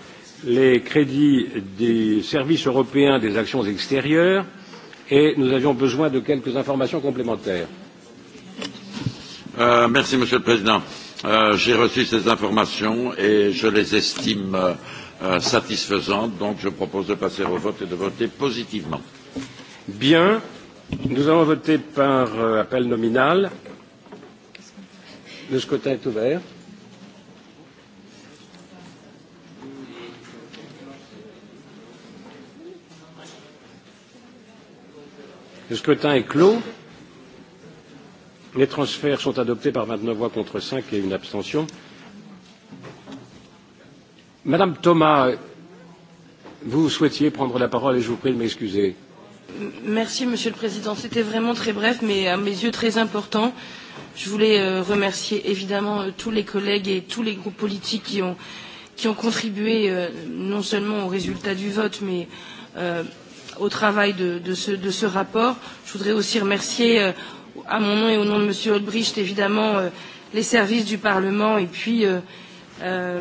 les crédits des services européens des actions extérieures et nous avions besoin de quelques informations complémentaires. Euh, merci, Monsieur le Président. Euh, J'ai reçu ces informations et je les estime euh, satisfaisantes, donc je propose de passer au vote et de voter positivement. Bien. Nous allons voter par euh, appel nominal. Le scrutin est ouvert. Le scrutin est clos. Les transferts sont adoptés par 29 voix contre 5 et une abstention. Madame Thomas, vous souhaitiez prendre la parole et je vous prie de m'excuser. Merci, Monsieur le Président. C'était vraiment très bref, mais à mes yeux très important. Je voulais euh, remercier évidemment euh, tous les collègues et tous les groupes politiques qui ont, qui ont contribué euh, non seulement au résultat du vote, mais au travail de, de, ce, de ce rapport. Je voudrais aussi remercier, euh, à mon nom et au nom de M. Odbricht, évidemment, euh, les services du Parlement et puis euh, euh,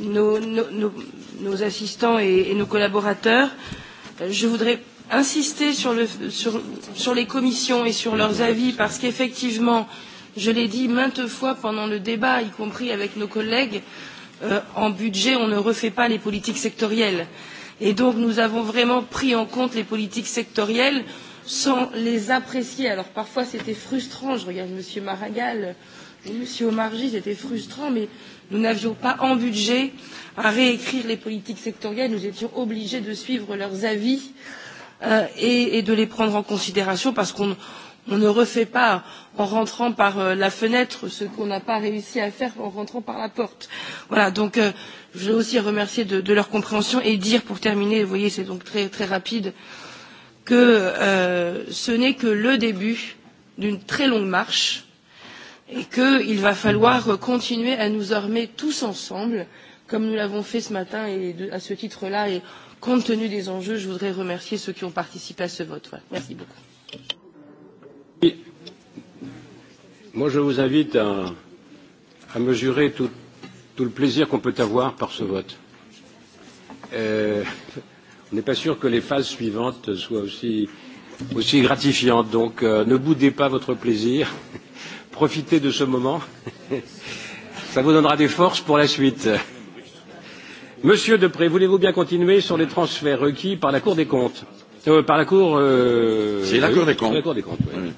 nos, nos, nos, nos assistants et, et nos collaborateurs. Je voudrais insister sur, le, sur, sur les commissions et sur leurs avis parce qu'effectivement, je l'ai dit maintes fois pendant le débat, y compris avec nos collègues, euh, en budget, on ne refait pas les politiques sectorielles. Euh, Et donc nous avons vraiment pris en compte les politiques sectorielles sans les apprécier. Alors parfois c'était frustrant, je regarde Monsieur Maragall et Monsieur Omarji, c'était frustrant, mais nous n'avions pas en budget à réécrire les politiques sectorielles, nous étions obligés de suivre leurs avis euh, et, et de les prendre en considération parce qu'on on ne refait pas en rentrant par euh, la fenêtre ce qu'on n'a pas réussi à faire en rentrant par la porte. Voilà, donc euh, je voudrais aussi remercier de, de leur compréhension et dire pour terminer, vous voyez c'est donc très, très rapide, que euh, ce n'est que le début d'une très longue marche et qu'il va falloir continuer à nous armer tous ensemble, comme nous l'avons fait ce matin et de, à ce titre-là. Et compte tenu des enjeux, je voudrais remercier ceux qui ont participé à ce vote. Voilà. Merci beaucoup. Moi, je vous invite à, à mesurer tout, tout le plaisir qu'on peut avoir par ce vote. Euh, on n'est pas sûr que les phases suivantes soient aussi, aussi gratifiantes. Donc, euh, ne boudez pas votre plaisir. [LAUGHS] Profitez de ce moment. [LAUGHS] Ça vous donnera des forces pour la suite. Monsieur Depré, voulez-vous bien continuer sur les transferts requis par la Cour des comptes euh, Par la Cour. Euh, C'est la, oui, la Cour des comptes. La Cour des comptes oui. Oui.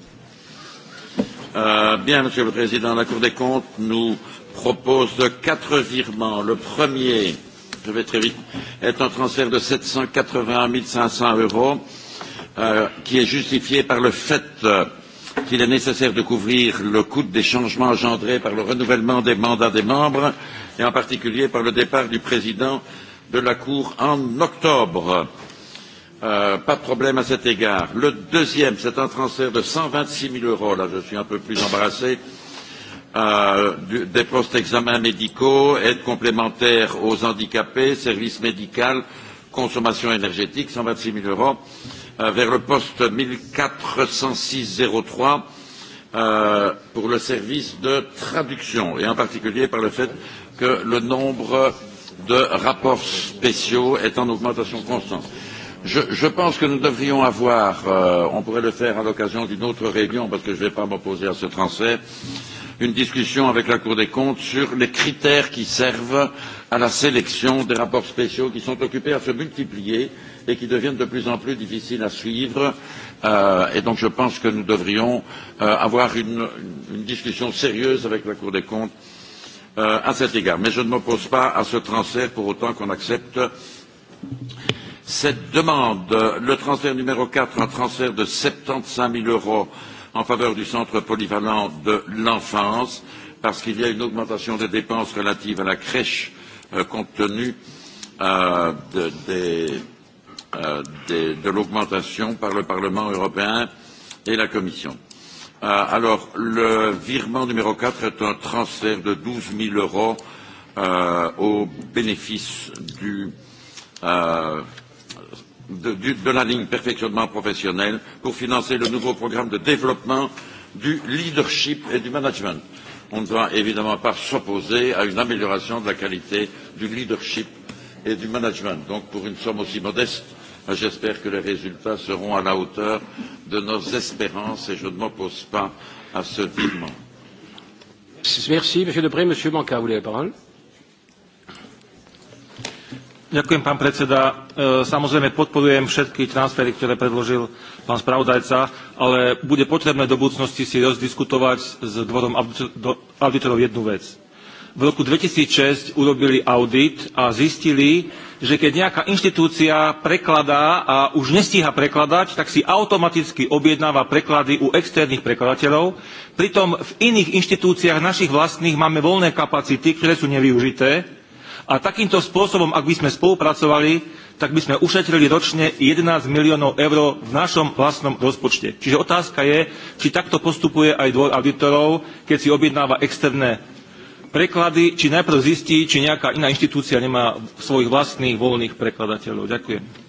Euh, bien, Monsieur le Président, la Cour des comptes nous propose de quatre virements. Le premier, je vais très vite, est un transfert de 781 500 euros euh, qui est justifié par le fait euh, qu'il est nécessaire de couvrir le coût des changements engendrés par le renouvellement des mandats des membres et en particulier par le départ du président de la Cour en octobre. Euh, Euh, pas de problème à cet égard. Le deuxième, c'est un transfert de 126 000 euros. Là, je suis un peu plus embarrassé. Euh, du, des postes examens médicaux, aide complémentaire aux handicapés, services médicaux, consommation énergétique, 126 000 euros, euh, vers le poste 1406-03 euh, pour le service de traduction, et en particulier par le fait que le nombre de rapports spéciaux est en augmentation constante. Je, je pense que nous devrions avoir, euh, on pourrait le faire à l'occasion d'une autre réunion, parce que je ne vais pas m'opposer à ce transfert, une discussion avec la Cour des comptes sur les critères qui servent à la sélection des rapports spéciaux qui sont occupés à se multiplier et qui deviennent de plus en plus difficiles à suivre. Euh, et donc je pense que nous devrions euh, avoir une, une discussion sérieuse avec la Cour des comptes euh, à cet égard. Mais je ne m'oppose pas à ce transfert pour autant qu'on accepte Cette demande, le transfert numéro 4, un transfert de 75 000 euros en faveur du centre polyvalent de l'enfance, parce qu'il y a une augmentation des dépenses relatives à la crèche euh, compte tenu euh, de, des, euh, des, de l'augmentation par le Parlement européen et la Commission. Euh, alors, le virement numéro 4 est un transfert de 12 000 euros euh, au bénéfice du euh, de, du, de la ligne perfectionnement professionnel pour financer le nouveau programme de développement du leadership et du management. On ne doit évidemment pas s'opposer à une amélioration de la qualité du leadership et du management. Donc pour une somme aussi modeste, j'espère que les résultats seront à la hauteur de nos espérances et je ne m'oppose pas à ce virement. Merci Monsieur Depré. Monsieur Manca, vous avez la parole. Ďakujem, pán predseda. E, samozrejme podporujem všetky transfery, ktoré predložil pán spravodajca, ale bude potrebné do budúcnosti si rozdiskutovať s dvorom auditorov jednu vec. V roku 2006 urobili audit a zistili, že keď nejaká inštitúcia prekladá a už nestíha prekladať, tak si automaticky objednáva preklady u externých prekladateľov. Pritom v iných inštitúciách našich vlastných máme voľné kapacity, ktoré sú nevyužité A takýmto spôsobom, ak by sme spolupracovali, tak by sme ušetrili ročne 11 miliónov eur v našom vlastnom rozpočte. Čiže otázka je, či takto postupuje aj dvor auditorov, keď si objednáva externé preklady, či najprv zistí, či nejaká iná inštitúcia nemá svojich vlastných voľných prekladateľov. Ďakujem.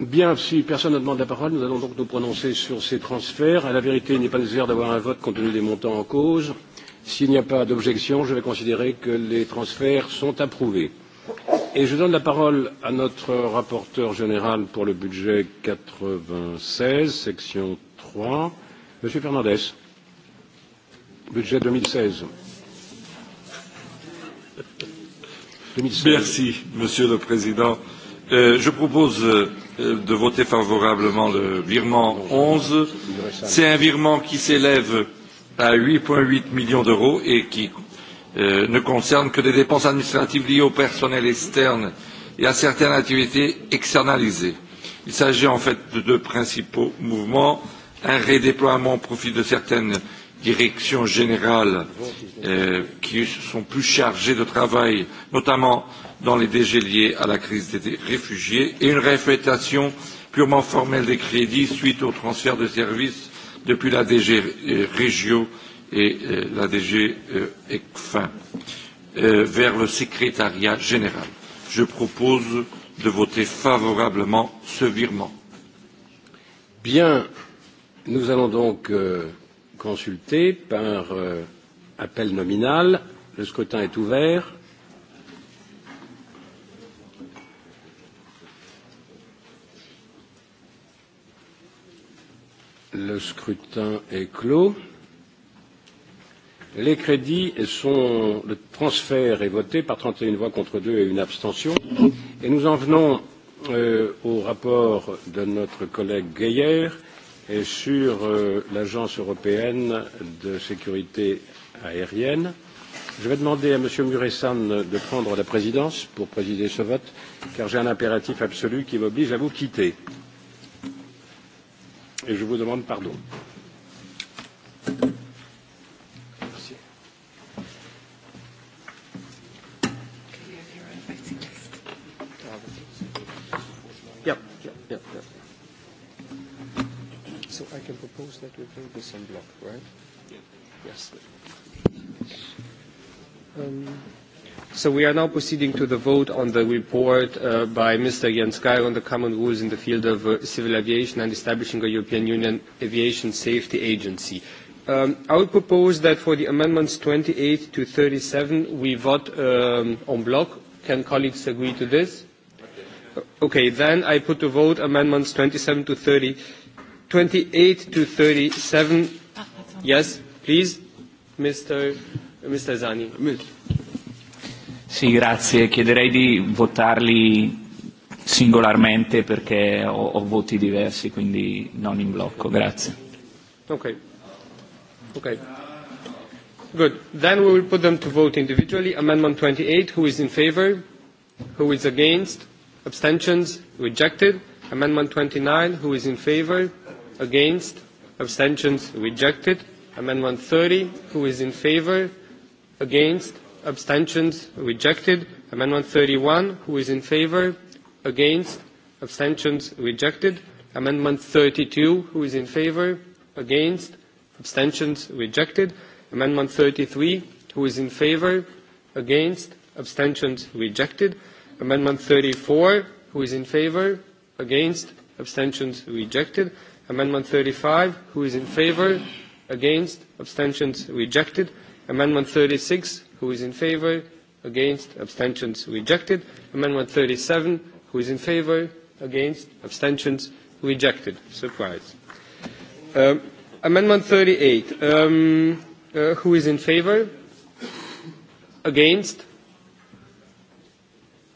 Bien, si personne ne demande la parole, nous allons donc nous prononcer sur ces transferts. À la vérité, il n'est pas nécessaire d'avoir un vote compte tenu des montants en cause. S'il n'y a pas d'objection, je vais considérer que les transferts sont approuvés. Et je donne la parole à notre rapporteur général pour le budget 96, section 3, M. Fernandez. Budget 2016. 2016. Merci, Monsieur le Président. Euh, je propose euh, Euh, de voter favorablement le virement 11. C'est un virement qui s'élève à 8,8 millions d'euros et qui euh, ne concerne que des dépenses administratives liées au personnel externe et à certaines activités externalisées. Il s'agit en fait de deux principaux mouvements un redéploiement au profit de certaines directions générales euh, qui sont plus chargées de travail, notamment euh, dans les déchets liés à la crise des réfugiés et une réaffectation purement formelle des crédits suite au transfert de services depuis la DG euh, Régio et euh, la DG euh, ECFIN euh, vers le secrétariat général. Je propose de voter favorablement ce virement. Bien, nous allons donc euh, consulter par euh, appel nominal. Le scrutin est ouvert. Le scrutin est clos. Les crédits sont le transfert est voté par 31 voix contre 2 et une abstention. Et nous en venons euh, au rapport de notre collègue Gaillère et sur euh, l'Agence européenne de sécurité aérienne. Je vais demander à M. Muresan de prendre la présidence pour présider ce vote, car j'ai un impératif absolu qui m'oblige à vous quitter et je vous demande pardon. Merci. Yeah, yeah, yeah, yeah. So I can propose that we bring this en bloc, right? Yeah. Yes. Um, So we are now proceeding to the vote on the report uh, by Mr. Jens Geier on the common rules in the field of uh, civil aviation and establishing a European Union Aviation Safety Agency. Um, I would propose that for the amendments 28 to 37, we vote um, en bloc. Can colleagues agree to this? Okay, then I put to vote amendments 27 to 30. 28 to 37. Yes, please, Mr. Mr. Zani. Sì, grazie. Chiederei di votarli singolarmente perché ho, ho voti diversi, quindi non in blocco. Grazie. Ok. Ok. Good. Then we will put them to vote individually. Amendment 28, who is in favor? Who is against? Abstentions? Rejected. Amendment 29, who is in favor? Against? Abstentions? Rejected. Amendment 30, who is in favor? Against? abstentions rejected amendment 31 who is in favor against abstentions rejected amendment 32 who is in favor against abstentions rejected amendment 33 who is in favor against abstentions rejected amendment 34 who is in favor against abstentions rejected amendment 35 who is in favor against abstentions rejected amendment 36 Who is in favor? Against? Abstentions? Rejected. Amendment 37. Who is in favor? Against? Abstentions? Rejected. Surprise. Um, amendment 38. Um, uh, who is in favor? Against?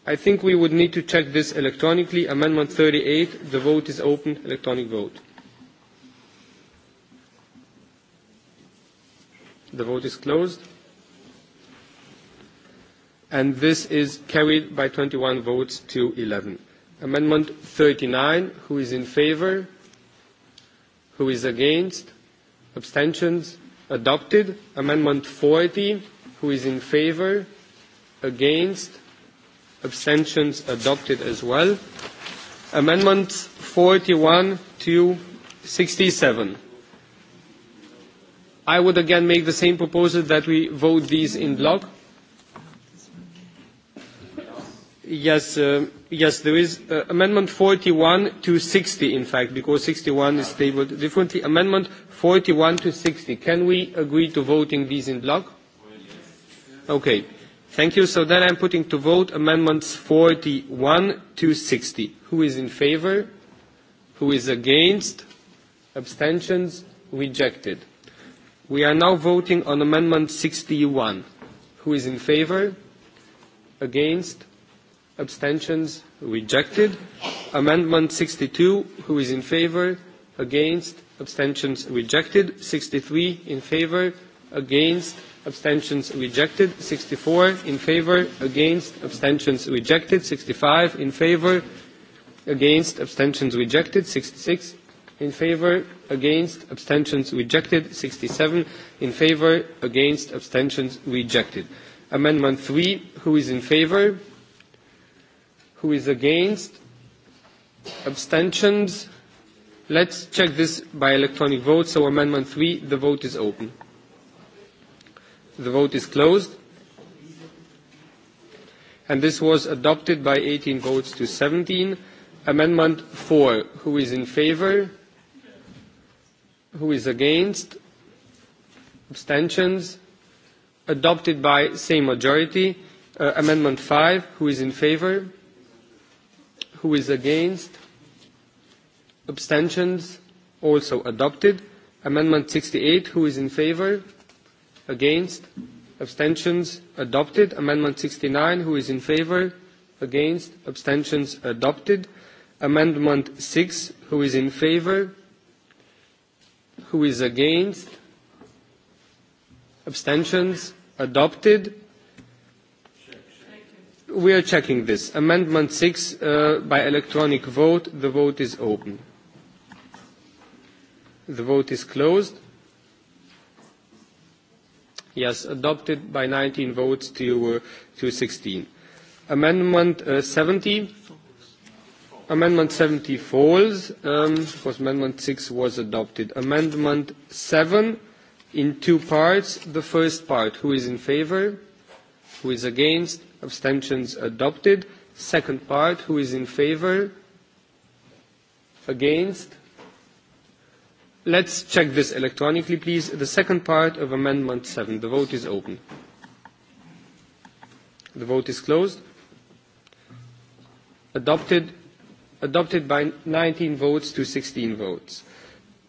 I think we would need to check this electronically. Amendment 38, the vote is open, electronic vote. The vote is closed and this is carried by 21 votes to 11. Amendment 39, who is in favor? Who is against? Abstentions? Adopted. Amendment 40, who is in favor? Against? Abstentions? Adopted as well. Amendments 41 to 67. I would again make the same proposal that we vote these in block. Yes, uh, yes, there is uh, amendment 41 to 60, in fact, because 61 is tabled differently. Amendment 41 to 60. Can we agree to voting these in block? Okay. Thank you. So then I'm putting to vote amendments 41 to 60. Who is in favor? Who is against? Abstentions? Rejected. We are now voting on amendment 61. Who is in favor? Against? abstentions rejected amendment 62 who is in favor against abstentions rejected 63 in favor against abstentions rejected 64 in favor against abstentions rejected 65 in favor against abstentions rejected 66 in favor against abstentions rejected 67 in favor against abstentions rejected amendment 3 who is in favor Who is against? Abstentions? Let's check this by electronic vote. So amendment 3, the vote is open. The vote is closed. And this was adopted by 18 votes to 17. Amendment 4, who is in favor? Who is against? Abstentions? Adopted by same majority. Uh, amendment 5, who is in favor? Who is against? Abstentions? Also adopted. Amendment 68. Who is in favor? Against? Abstentions? Adopted. Amendment 69. Who is in favor? Against? Abstentions? Adopted. Amendment 6. Who is in favor? Who is against? Abstentions? Adopted we are checking this. Amendment 6 uh, by electronic vote. The vote is open. The vote is closed. Yes, adopted by 19 votes to, uh, to 16. Amendment uh, 70. Falls. Amendment 70 falls um, because Amendment 6 was adopted. Amendment 7 in two parts. The first part, who is in favor? Who is against? abstentions adopted. Second part, who is in favor? Against? Let's check this electronically, please. The second part of Amendment 7. The vote is open. The vote is closed. Adopted, adopted by 19 votes to 16 votes.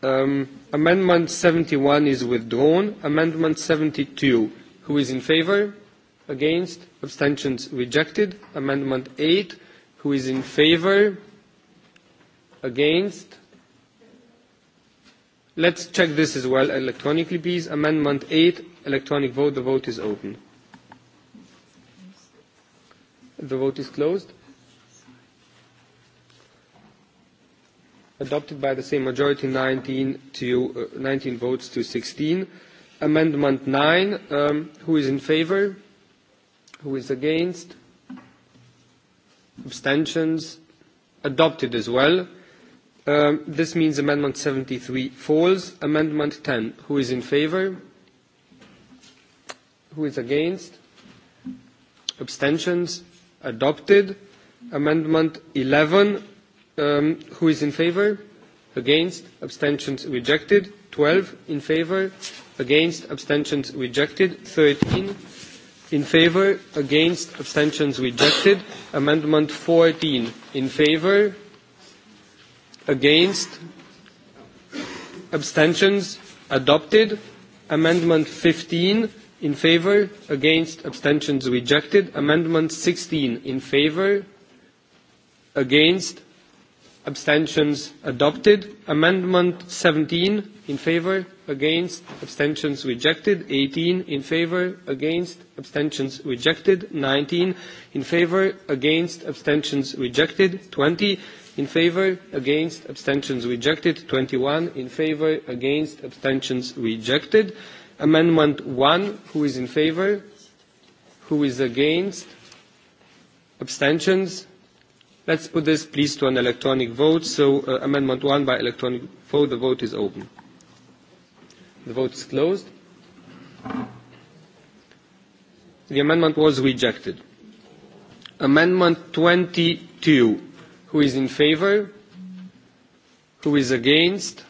Um, amendment 71 is withdrawn. Amendment 72, who is in favor? against, abstentions rejected. Amendment 8, who is in favor, against. Let's check this as well electronically, please. Amendment 8, electronic vote. The vote is open. The vote is closed. Adopted by the same majority, 19, to, uh, 19 votes to 16. Amendment 9, um, who is in favor? Who is against? Abstentions? Adopted as well. Um, this means Amendment 73 falls. Amendment 10. Who is in favor? Who is against? Abstentions? Adopted. Amendment 11. Um, who is in favor? Against? Abstentions? Rejected. 12. In favor? Against? Abstentions? Rejected. 13 In favor, against, abstentions rejected. Amendment 14, in favor, against, abstentions adopted. Amendment 15, in favor, against, abstentions rejected. Amendment 16, in favor, against, abstentions adopted amendment 17 in favor against abstentions rejected 18 in favor against abstentions rejected 19 in favor against abstentions rejected 20 in favor against abstentions rejected 21 in favor against abstentions rejected amendment 1 who is in favor who is against abstentions Let's put this, please, to an electronic vote. So uh, amendment 1 by electronic vote. The vote is open. The vote is closed. The amendment was rejected. Amendment 22. Who is in favor? Who is against?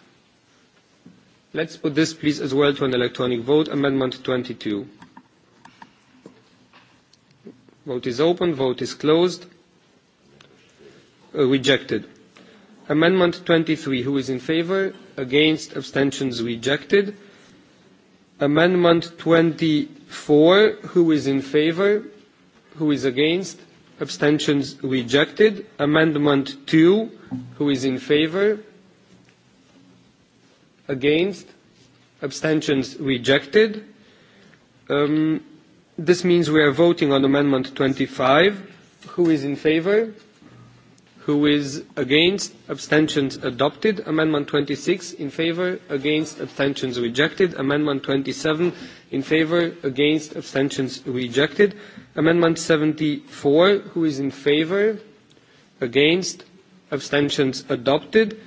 Let's put this, please, as well to an electronic vote. Amendment 22. Vote is open. Vote is closed uh, rejected. Amendment 23, who is in favor? Against, abstentions rejected. Amendment 24, who is in favor? Who is against? Abstentions rejected. Amendment 2, who is in favor? Against? Abstentions rejected. Um, this means we are voting on Amendment 25. Who is in favor? Who is against? Abstentions adopted. Amendment 26 in favor. Against? Abstentions rejected. Amendment 27 in favor. Against? Abstentions rejected. Amendment 74. Who is in favor? Against? Abstentions adopted.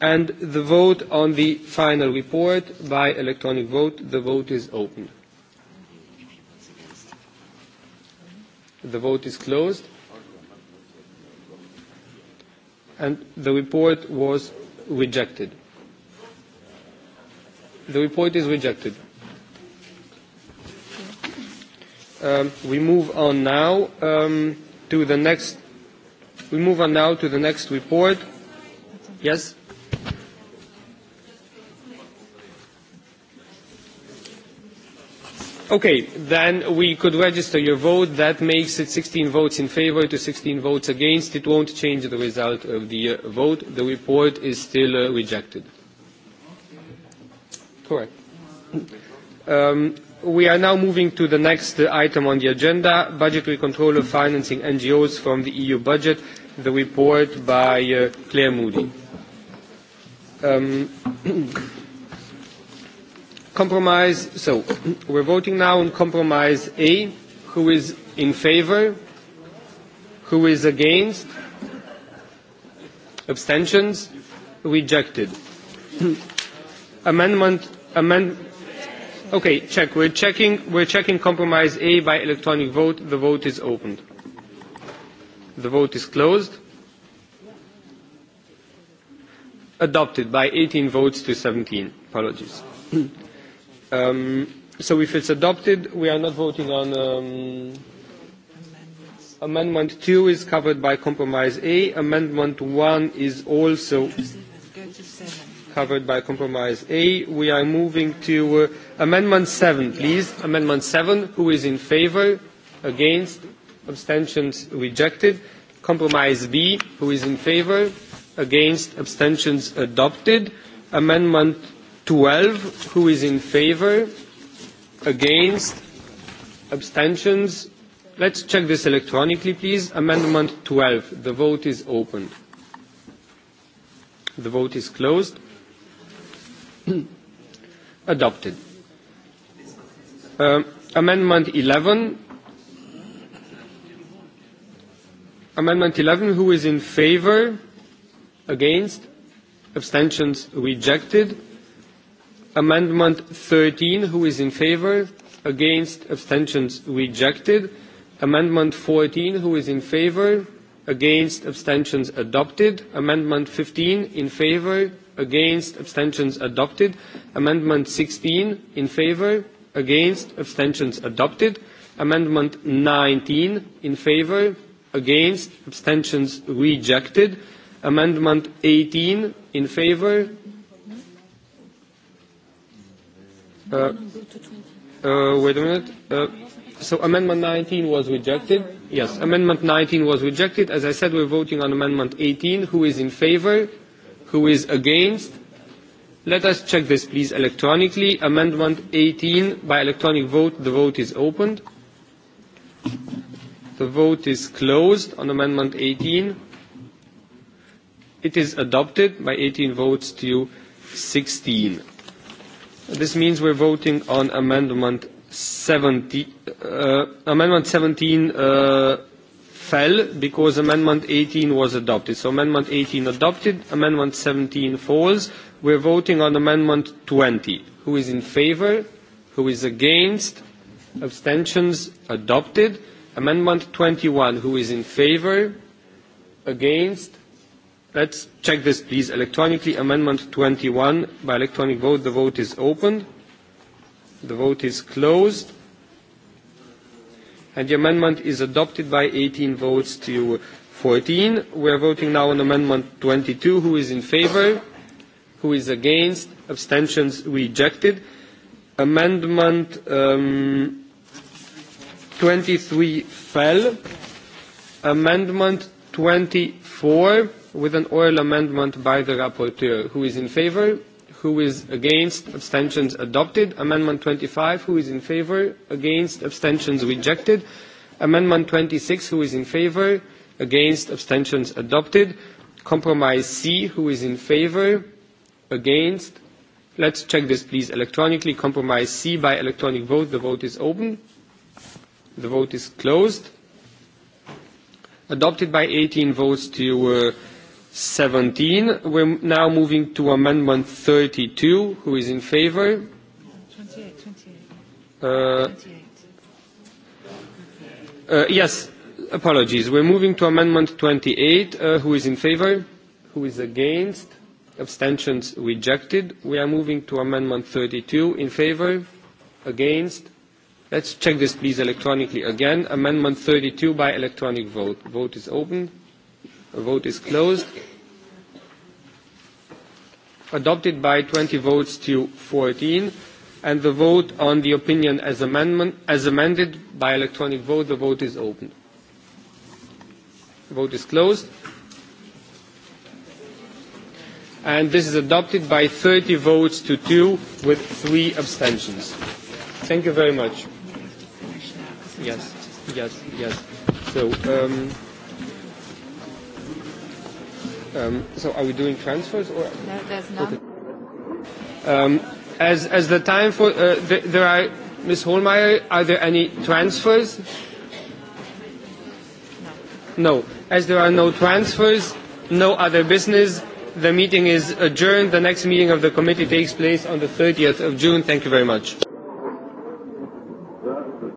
And the vote on the final report by electronic vote. The vote is open. The vote is closed and the report was rejected. The report is rejected. Um, we move on now um, to the next. We move on now to the next report. Yes. Okay, then we could register your vote. That makes it 16 votes in favor to 16 votes against. It won't change the result of the uh, vote. The report is still uh, rejected. Correct. Um, we are now moving to the next uh, item on the agenda, budgetary control of financing NGOs from the EU budget, the report by uh, Claire Moody. Um, [CLEARS THROAT] Compromise, so we're voting now on compromise A. Who is in favor? Who is against? Abstentions? Rejected. Amendment, amend, okay, check. We're checking, we're checking compromise A by electronic vote. The vote is opened. The vote is closed. Adopted by 18 votes to 17. Apologies. Um, so if it's adopted, we are not voting on um, amendment 2 is covered by compromise A. Amendment 1 is also covered by compromise A. We are moving to uh, amendment 7, please. Amendment 7, who is in favor? Against? Abstentions rejected. Compromise B, who is in favor? Against? Abstentions adopted. Amendment 12. Who is in favor? Against? Abstentions? Let's check this electronically, please. Amendment 12. The vote is open. The vote is closed. [CLEARS THROAT] Adopted. Uh, amendment 11. Amendment 11, who is in favor? Against? Abstentions? Rejected. Amendment 13, who is in favor? Against, abstentions rejected. Amendment 14, who is in favor? Against, abstentions adopted. Amendment 15, in favor? Against, abstentions adopted. Amendment 16, in favor? Against, abstentions adopted. Amendment 19, in favor? Against, abstentions rejected. Amendment 18, in favor? Uh, uh, wait a minute. Uh, so Amendment 19 was rejected. Yes, Amendment 19 was rejected. As I said, we're voting on Amendment 18. Who is in favor? Who is against? Let us check this, please, electronically. Amendment 18 by electronic vote. The vote is opened. The vote is closed on Amendment 18. It is adopted by 18 votes to 16. This means we're voting on amendment 70. Uh, amendment 17 uh, fell because amendment 18 was adopted. So amendment 18 adopted, amendment 17 falls. We're voting on amendment 20. Who is in favor? Who is against? Abstentions adopted. Amendment 21. Who is in favor? Against? Let's check this, please, electronically. Amendment 21 by electronic vote. The vote is opened. The vote is closed. And the amendment is adopted by 18 votes to 14. We are voting now on Amendment 22. Who is in favor? Who is against? Abstentions rejected. Amendment um, 23 fell. Amendment 24 with an oral amendment by the rapporteur. Who is in favor? Who is against? Abstentions adopted. Amendment 25. Who is in favor? Against? Abstentions rejected. Amendment 26. Who is in favor? Against? Abstentions adopted. Compromise C. Who is in favor? Against? Let's check this, please, electronically. Compromise C by electronic vote. The vote is open. The vote is closed. Adopted by 18 votes to uh, 17. We're now moving to amendment 32. Who is in favor? 28. 28. Uh, 28. Uh, yes, apologies. We're moving to amendment 28. Uh, who is in favor? Who is against? Abstentions rejected. We are moving to amendment 32. In favor? Against? Let's check this, please, electronically again. Amendment 32 by electronic vote. Vote is open. Vote is closed. Adopted by 20 votes to 14. And the vote on the opinion as, amendment, as amended by electronic vote, the vote is open. Vote is closed. And this is adopted by 30 votes to 2 with 3 abstentions. Thank you very much. Yes, yes, yes. So, um, Um, so are we doing transfers or? No, there's none. Okay. Um, as, as the time for, uh, th there are, Ms. Holmeyer, are there any transfers? No. No. As there are no transfers, no other business, the meeting is adjourned. The next meeting of the committee takes place on the 30th of June. Thank you very much.